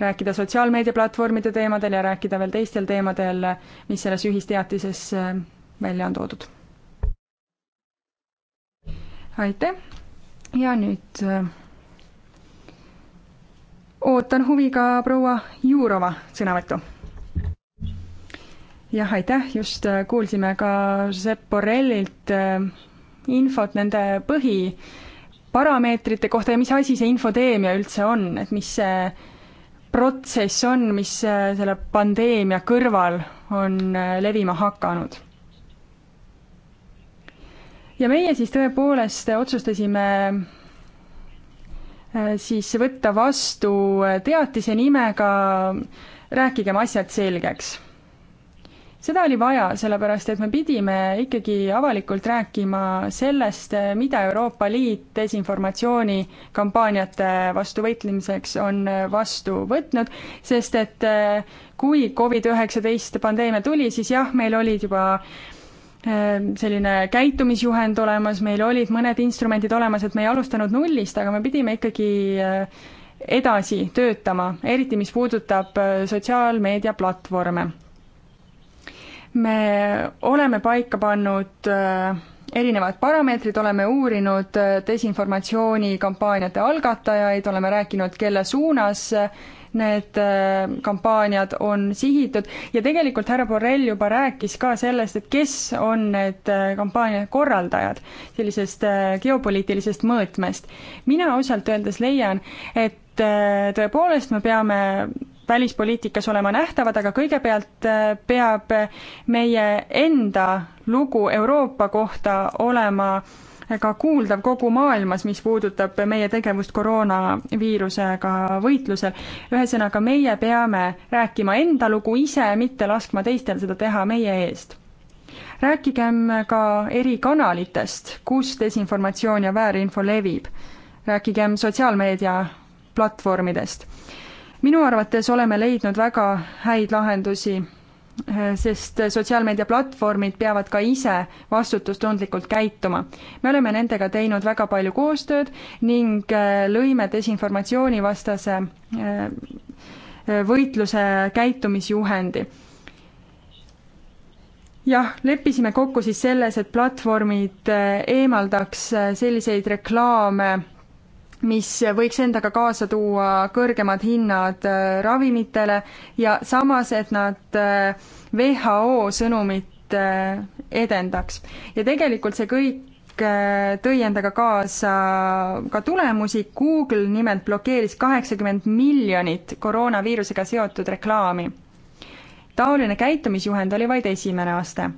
rääkida sotsiaalmeediaplatvormide teemadel ja rääkida veel teistel teemadel, mis selles ühisteatises välja on toodud aitäh ja nüüd äh, ootan huviga proua Juurova sõnavõttu. jah, aitäh, just äh, kuulsime ka Sepp Borrellilt äh, infot nende põhiparameetrite kohta ja mis asi see infoteemia üldse on, et mis see protsess on, mis selle pandeemia kõrval on levima hakanud ja meie siis tõepoolest otsustasime äh, siis võtta vastu äh, teatise nimega Rääkigem asjad selgeks. seda oli vaja, sellepärast et me pidime ikkagi avalikult rääkima sellest, äh, mida Euroopa Liit desinformatsioonikampaaniate vastu võitlemiseks on vastu võtnud, sest et kui Covid-19 pandeemia tuli, siis jah, meil olid juba Ehm, selline käitumisjuhend olemas, meil olid mõned instrumendid olemas, et me ei alustanud nullist, aga me pidime ikkagi äh, edasi töötama, eriti mis puudutab äh, sotsiaalmeediaplatvorme. me oleme paika pannud äh, erinevad parameetrid, oleme uurinud desinformatsioonikampaaniate algatajaid, oleme rääkinud, kelle suunas need äh, kampaaniad on sihitud ja tegelikult härra Borrell juba rääkis ka sellest, et kes on need äh, kampaania korraldajad, sellisest äh, geopoliitilisest mõõtmest. mina ausalt öeldes leian, et tõepoolest me peame välispoliitikas olema nähtavad, aga kõigepealt peab meie enda lugu Euroopa kohta olema äh, ka kuuldav kogu maailmas, mis puudutab meie tegevust koroonaviirusega võitlusel. ühesõnaga, meie peame rääkima enda lugu ise, mitte laskma teistel seda teha meie eest. rääkigem ka erikanalitest, kus desinformatsioon ja väärinfo levib. rääkigem sotsiaalmeedia platvormidest. minu arvates oleme leidnud väga häid lahendusi sest sotsiaalmeediaplatvormid peavad ka ise vastutustundlikult käituma. me oleme nendega teinud väga palju koostööd ning äh, lõime desinformatsioonivastase äh, äh, võitluse käitumisjuhendi. jah, leppisime kokku siis selles, et platvormid eemaldaks selliseid reklaame mis võiks endaga kaasa tuua kõrgemad hinnad äh, ravimitele ja samas, et nad WHO äh, sõnumit äh, edendaks. ja tegelikult see kõik tõi endaga kaasa ka tulemusi, Google nimelt blokeeris kaheksakümmend miljonit koroonaviirusega seotud reklaami. taoline käitumisjuhend oli vaid esimene aste,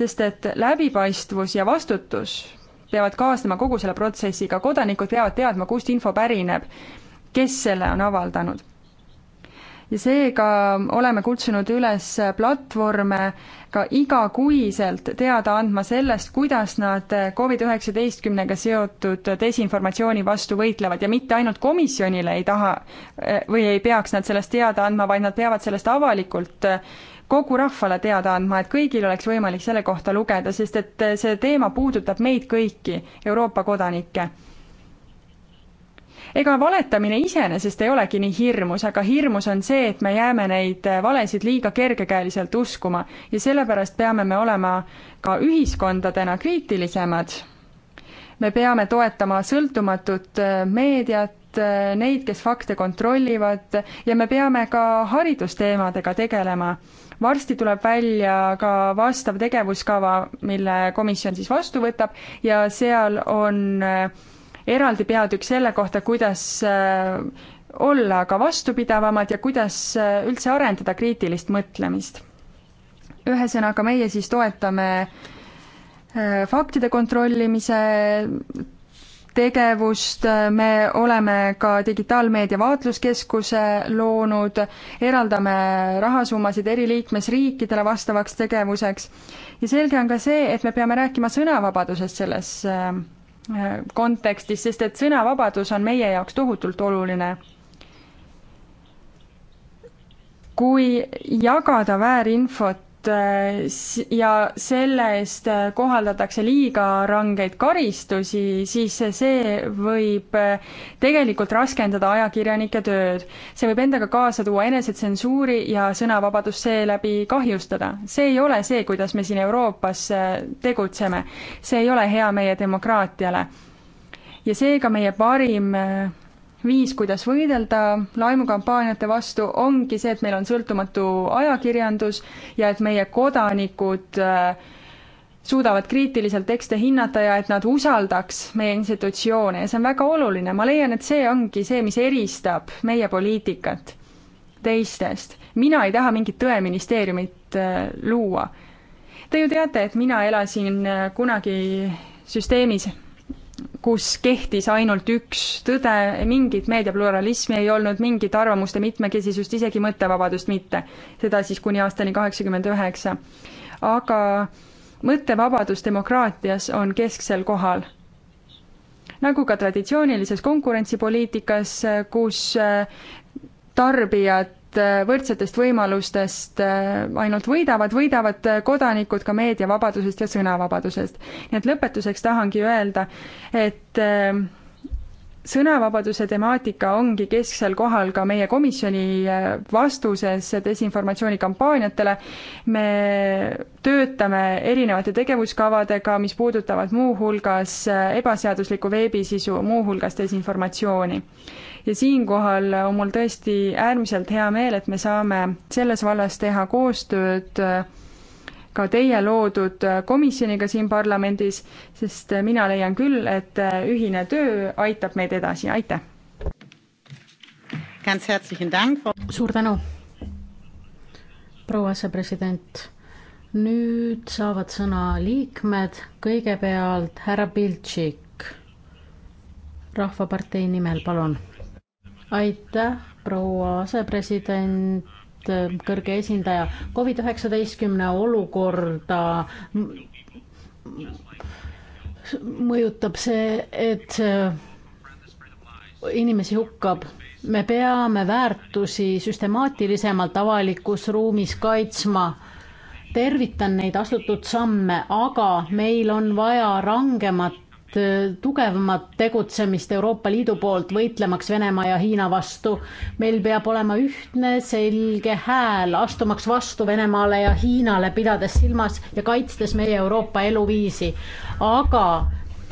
sest et läbipaistvus ja vastutus peavad kaasnema kogu selle protsessiga, kodanikud peavad teadma, kust info pärineb, kes selle on avaldanud. ja seega oleme kutsunud üles platvorme ka igakuiselt teada andma sellest, kuidas nad Covid-19-ga seotud desinformatsiooni vastu võitlevad ja mitte ainult komisjonile ei taha või ei peaks nad sellest teada andma, vaid nad peavad sellest avalikult kogu rahvale teada andma, et kõigil oleks võimalik selle kohta lugeda, sest et see teema puudutab meid kõiki, Euroopa kodanikke. ega valetamine iseenesest ei olegi nii hirmus, aga hirmus on see, et me jääme neid valesid liiga kergekäeliselt uskuma ja sellepärast peame me olema ka ühiskondadena kriitilisemad me peame toetama sõltumatut meediat, just äh, neid, kes fakte kontrollivad ja me peame ka haridusteemadega tegelema. varsti tuleb välja ka vastav tegevuskava, mille komisjon siis vastu võtab ja seal on äh, eraldi peatükk selle kohta, kuidas äh, olla ka vastupidavamad ja kuidas üldse arendada kriitilist mõtlemist. ühesõnaga, meie siis toetame faktide kontrollimise tegevust, me oleme ka digitaalmeedia vaatluskeskuse loonud, eraldame rahasummasid eri liikmesriikidele vastavaks tegevuseks ja selge on ka see, et me peame rääkima sõnavabadusest selles äh, kontekstis, sest et sõnavabadus on meie jaoks tohutult oluline. kui jagada väärinfot Äh, ja selle eest äh, kohaldatakse liiga rangeid karistusi, siis see võib äh, tegelikult raskendada ajakirjanike tööd. see võib endaga kaasa tuua enesetsensuuri ja sõnavabadust seeläbi kahjustada. see ei ole see, kuidas me siin Euroopas tegutseme. see ei ole hea meie demokraatiale. ja seega meie parim viis, kuidas võidelda laimukampaaniate vastu, ongi see, et meil on sõltumatu ajakirjandus ja et meie kodanikud äh, suudavad kriitiliselt tekste hinnata ja et nad usaldaks meie institutsioone ja see on väga oluline, ma leian, et see ongi see, mis eristab meie poliitikat teistest. mina ei taha mingit tõeministeeriumit äh, luua. Te ju teate, et mina elasin äh, kunagi süsteemis, kus kehtis ainult üks tõde, mingit meediapluralismi ei olnud, mingit arvamuste mitmekesisust, isegi mõttevabadust mitte. seda siis kuni aastani kaheksakümmend üheksa. aga mõttevabadus demokraatias on kesksel kohal. nagu ka traditsioonilises konkurentsipoliitikas, kus tarbijad et äh, võrdsetest võimalustest äh, ainult võidavad, võidavad äh, kodanikud ka meediavabadusest ja sõnavabadusest. nii et lõpetuseks tahangi öelda, et sõnavabaduse temaatika ongi kesksel kohal ka meie komisjoni äh, vastuses desinformatsioonikampaaniatele. me töötame erinevate tegevuskavadega, mis puudutavad muuhulgas äh, ebaseaduslikku veebisisu, muuhulgas desinformatsiooni. ja siinkohal on mul tõesti äärmiselt hea meel, et me saame selles vallas teha koostööd äh, ka teie loodud komisjoniga siin parlamendis, sest mina leian küll, et ühine töö aitab meid edasi, aitäh! suur tänu, proua asepresident. nüüd saavad sõna liikmed, kõigepealt härra Piltšik, Rahvapartei nimel, palun. aitäh, proua asepresident Äh, kõrge esindaja, Covid üheksateistkümne olukorda mõjutab see, et äh, inimesi hukkab me peame väärtusi süstemaatilisemalt avalikus ruumis kaitsma. tervitan neid astutud samme, aga meil on vaja rangemat Äh, tugevamat tegutsemist Euroopa Liidu poolt võitlemaks Venemaa ja Hiina vastu. meil peab olema ühtne selge hääl, astumaks vastu Venemaale ja Hiinale, pidades silmas ja kaitstes meie Euroopa eluviisi. aga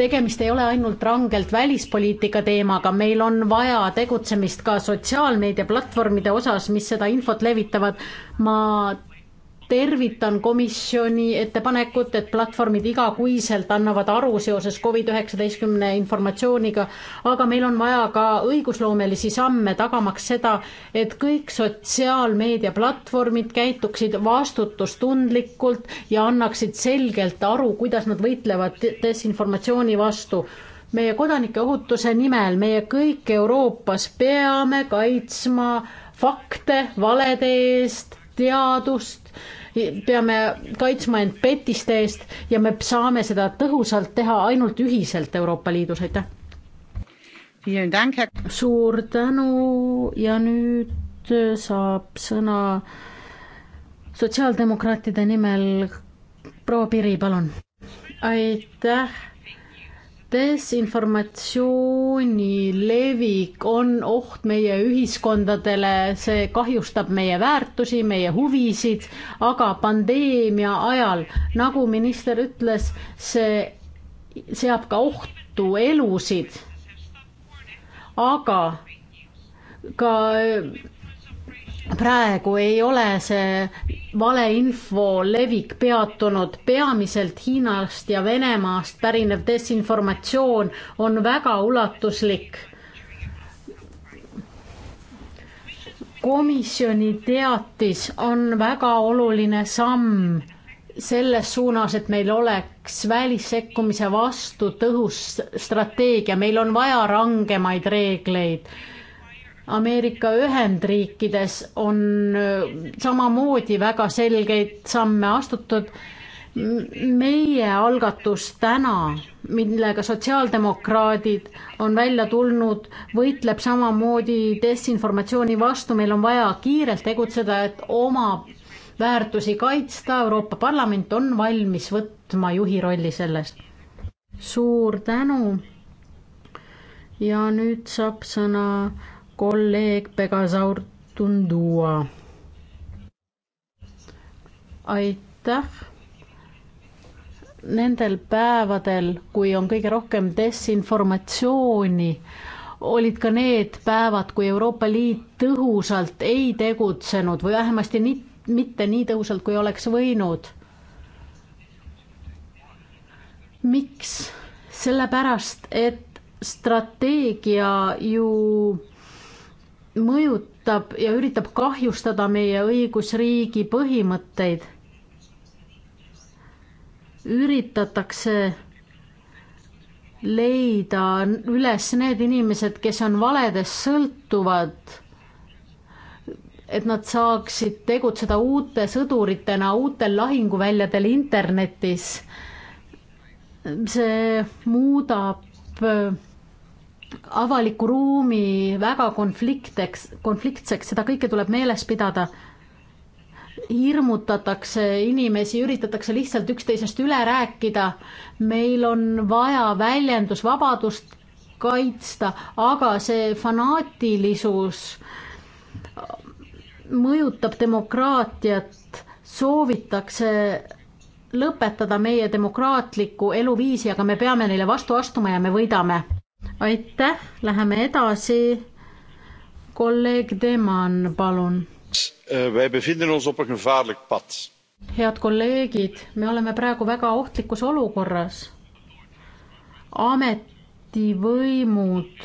tegemist ei ole ainult rangelt välispoliitika teemaga, meil on vaja tegutsemist ka sotsiaalmeediaplatvormide osas, mis seda infot levitavad. ma tervitan komisjoni ettepanekut, et platvormid igakuiselt annavad aru seoses Covid üheksateistkümne informatsiooniga, aga meil on vaja ka õigusloomelisi samme, tagamaks seda, et kõik sotsiaalmeedia platvormid käituksid vastutustundlikult ja annaksid selgelt aru, kuidas nad võitlevad desinformatsiooni vastu meie kodanike ohutuse nimel, meie kõik Euroopas peame kaitsma fakte valede eest teadust, peame kaitsma end petiste eest ja me saame seda tõhusalt teha ainult ühiselt Euroopa Liidus, aitäh! suur tänu ja nüüd saab sõna sotsiaaldemokraatide nimel proua Piri, palun! aitäh! desinformatsiooni levik on oht meie ühiskondadele, see kahjustab meie väärtusi, meie huvisid, aga pandeemia ajal, nagu minister ütles, see seab ka ohtu elusid. aga ka praegu ei ole see valeinfo levik peatunud, peamiselt Hiinast ja Venemaast pärinev desinformatsioon on väga ulatuslik. komisjoni teatis on väga oluline samm selles suunas, et meil oleks välissekkumise vastu tõhus strateegia, meil on vaja rangemaid reegleid Ameerika Ühendriikides on äh, samamoodi väga selgeid samme astutud. meie algatus täna, millega sotsiaaldemokraadid on välja tulnud, võitleb samamoodi desinformatsiooni vastu, meil on vaja kiirelt tegutseda, et oma väärtusi kaitsta, Euroopa Parlament on valmis võtma juhi rolli selles. suur tänu. ja nüüd saab sõna kolleeg Pegasaur Tundua. aitäh. Nendel päevadel, kui on kõige rohkem desinformatsiooni, olid ka need päevad, kui Euroopa Liit tõhusalt ei tegutsenud või vähemasti nii, mitte nii tõhusalt, kui oleks võinud. miks? sellepärast, et strateegia ju mõjutab ja üritab kahjustada meie õigusriigi põhimõtteid. üritatakse leida üles need inimesed, kes on valedest sõltuvad, et nad saaksid tegutseda uute sõduritena uutel lahinguväljadel internetis. see muudab avaliku ruumi väga konflikteks, konfliktseks, seda kõike tuleb meeles pidada. hirmutatakse inimesi, üritatakse lihtsalt üksteisest üle rääkida. meil on vaja väljendusvabadust kaitsta, aga see fanaatilisus mõjutab demokraatiat, soovitakse lõpetada meie demokraatliku eluviisi, aga me peame neile vastu astuma ja me võidame aitäh, läheme edasi. kolleeg Deman, palun. Eh, head kolleegid, me oleme praegu väga ohtlikus olukorras. ametivõimud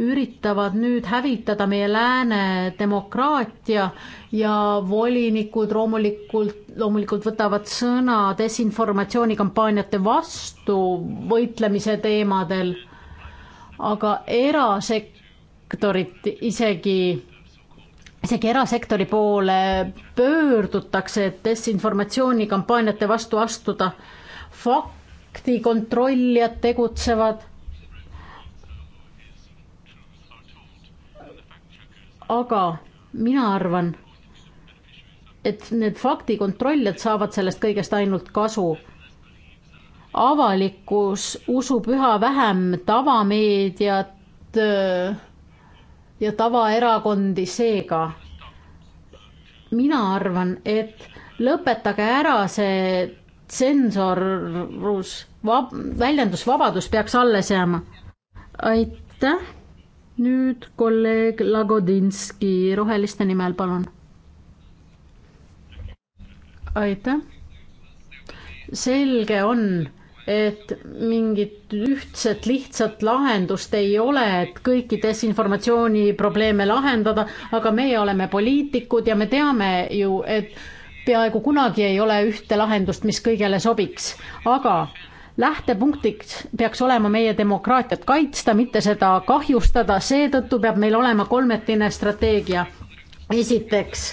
üritavad nüüd hävitada meie lääne demokraatia ja volinikud loomulikult, loomulikult võtavad sõna desinformatsioonikampaaniate vastu võitlemise teemadel, aga erasektorit isegi, isegi erasektori poole pöördutakse, et desinformatsioonikampaaniate vastu astuda. faktikontrollijad tegutsevad aga mina arvan, et need faktikontrollijad saavad sellest kõigest ainult kasu. avalikkus usub üha vähem tavameediat äh, ja tavaerakondi seega. mina arvan, et lõpetage ära see tsensorus, väljendusvabadus peaks alles jääma. aitäh nüüd kolleeg Lagodinski Roheliste nimel, palun. aitäh. selge on, et mingit ühtset lihtsat lahendust ei ole, et kõiki desinformatsiooni probleeme lahendada, aga meie oleme poliitikud ja me teame ju, et peaaegu kunagi ei ole ühte lahendust, mis kõigele sobiks, aga lähtepunktiks peaks olema meie demokraatiat kaitsta, mitte seda kahjustada, seetõttu peab meil olema kolmetine strateegia. esiteks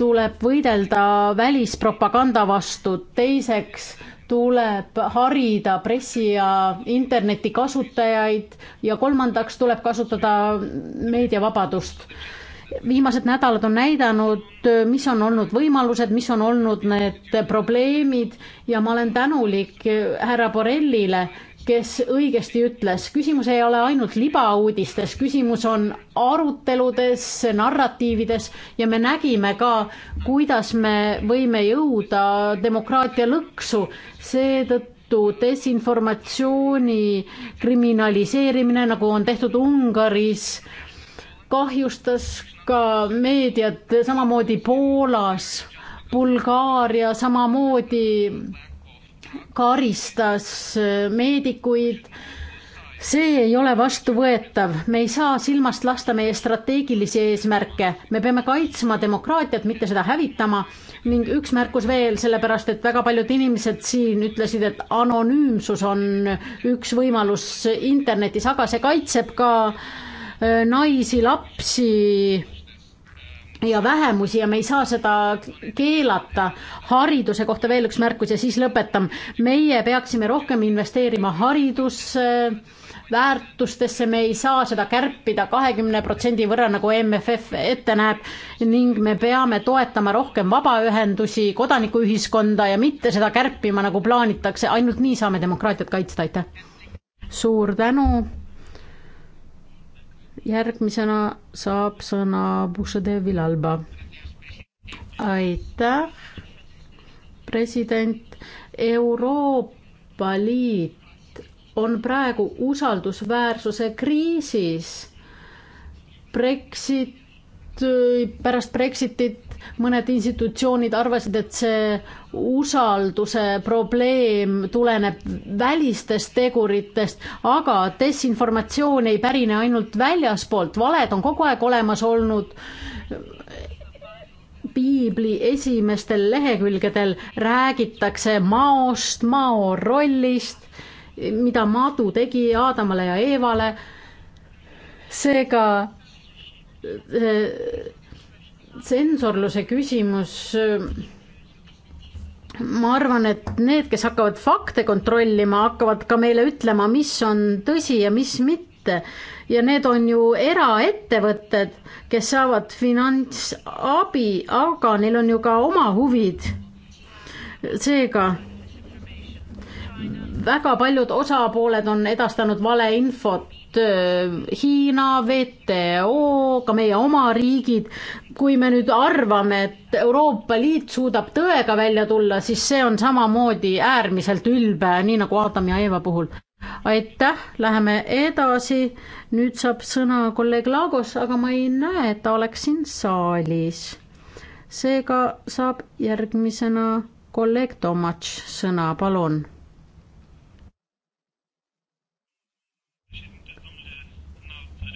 tuleb võidelda välispropaganda vastu, teiseks tuleb harida pressi ja interneti kasutajaid ja kolmandaks tuleb kasutada meediavabadust viimased nädalad on näidanud, mis on olnud võimalused, mis on olnud need probleemid ja ma olen tänulik härra Borrellile, kes õigesti ütles, küsimus ei ole ainult libauudistes, küsimus on aruteludes, narratiivides ja me nägime ka, kuidas me võime jõuda demokraatia lõksu, seetõttu tohutu desinformatsiooni kriminaliseerimine, nagu on tehtud Ungaris, kahjustas ka meediat, samamoodi Poolas, Bulgaaria samamoodi karistas meedikuid. see ei ole vastuvõetav, me ei saa silmast lasta meie strateegilisi eesmärke, me peame kaitsma demokraatiat, mitte seda hävitama ning üks märkus veel, sellepärast et väga paljud inimesed siin ütlesid, et anonüümsus on üks võimalus internetis, aga see kaitseb ka äh, naisi, lapsi ja vähemusi ja me ei saa seda keelata. hariduse kohta veel üks märkus ja siis lõpetan. meie peaksime rohkem investeerima haridusse, väärtustesse, me ei saa seda kärpida kahekümne protsendi võrra, nagu e MFF ette näeb ning me peame toetama rohkem vabaühendusi, kodanikuühiskonda ja mitte seda kärpima, nagu plaanitakse, ainult nii saame demokraatiat kaitsta, aitäh. suur tänu järgmisena saab sõna Bushede Vilalba. aitäh, president. Euroopa Liit on praegu usaldusväärsuse kriisis. Brexit Äh, pärast Brexitit mõned institutsioonid arvasid, et see usalduse probleem tuleneb välistest teguritest, aga desinformatsioon ei pärine ainult väljaspoolt, valed on kogu aeg olemas olnud. piibli esimestel lehekülgedel räägitakse maost, mao rollist, mida madu tegi Aadamale ja Eevale. seega tsensorluse küsimus. ma arvan, et need, kes hakkavad fakte kontrollima, hakkavad ka meile ütlema, mis on tõsi ja mis mitte. ja need on ju eraettevõtted, kes saavad finantsabi, aga neil on ju ka oma huvid. seega väga paljud osapooled on edastanud valeinfot Äh, Hiina, WTO, ka meie oma riigid. kui me nüüd arvame, et Euroopa Liit suudab tõega välja tulla, siis see on samamoodi äärmiselt ülbe, nii nagu Adam ja Eeva puhul. aitäh, läheme edasi. nüüd saab sõna kolleeg Laagos, aga ma ei näe, et ta oleks siin saalis. seega saab järgmisena kolleeg Tomatš sõna, palun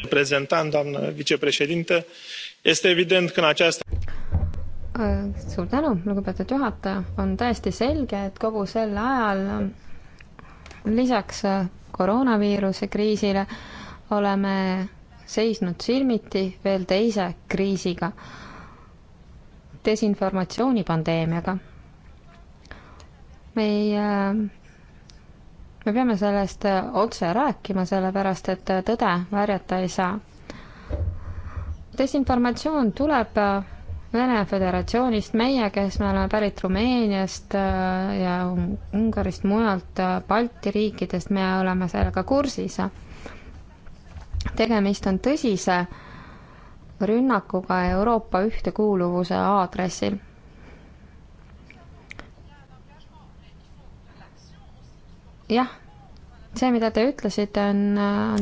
reprezentant, doamnă vicepreședintă, este evident că în această suur tänu, lugupeetud juhataja, on täiesti selge, et kogu sel ajal lisaks koroonaviiruse kriisile oleme seisnud silmiti veel teise kriisiga, desinformatsioonipandeemiaga. meie me peame sellest äh, otse rääkima, sellepärast et äh, tõde varjata ei saa. desinformatsioon tuleb äh, Vene Föderatsioonist, meie, kes me oleme pärit Rumeeniast ja Ungarist, mujalt Balti riikidest, me oleme sellega kursis. tegemist on tõsise rünnakuga Euroopa ühtekuuluvuse aadressil jah, see, mida te ütlesite, on, äh, on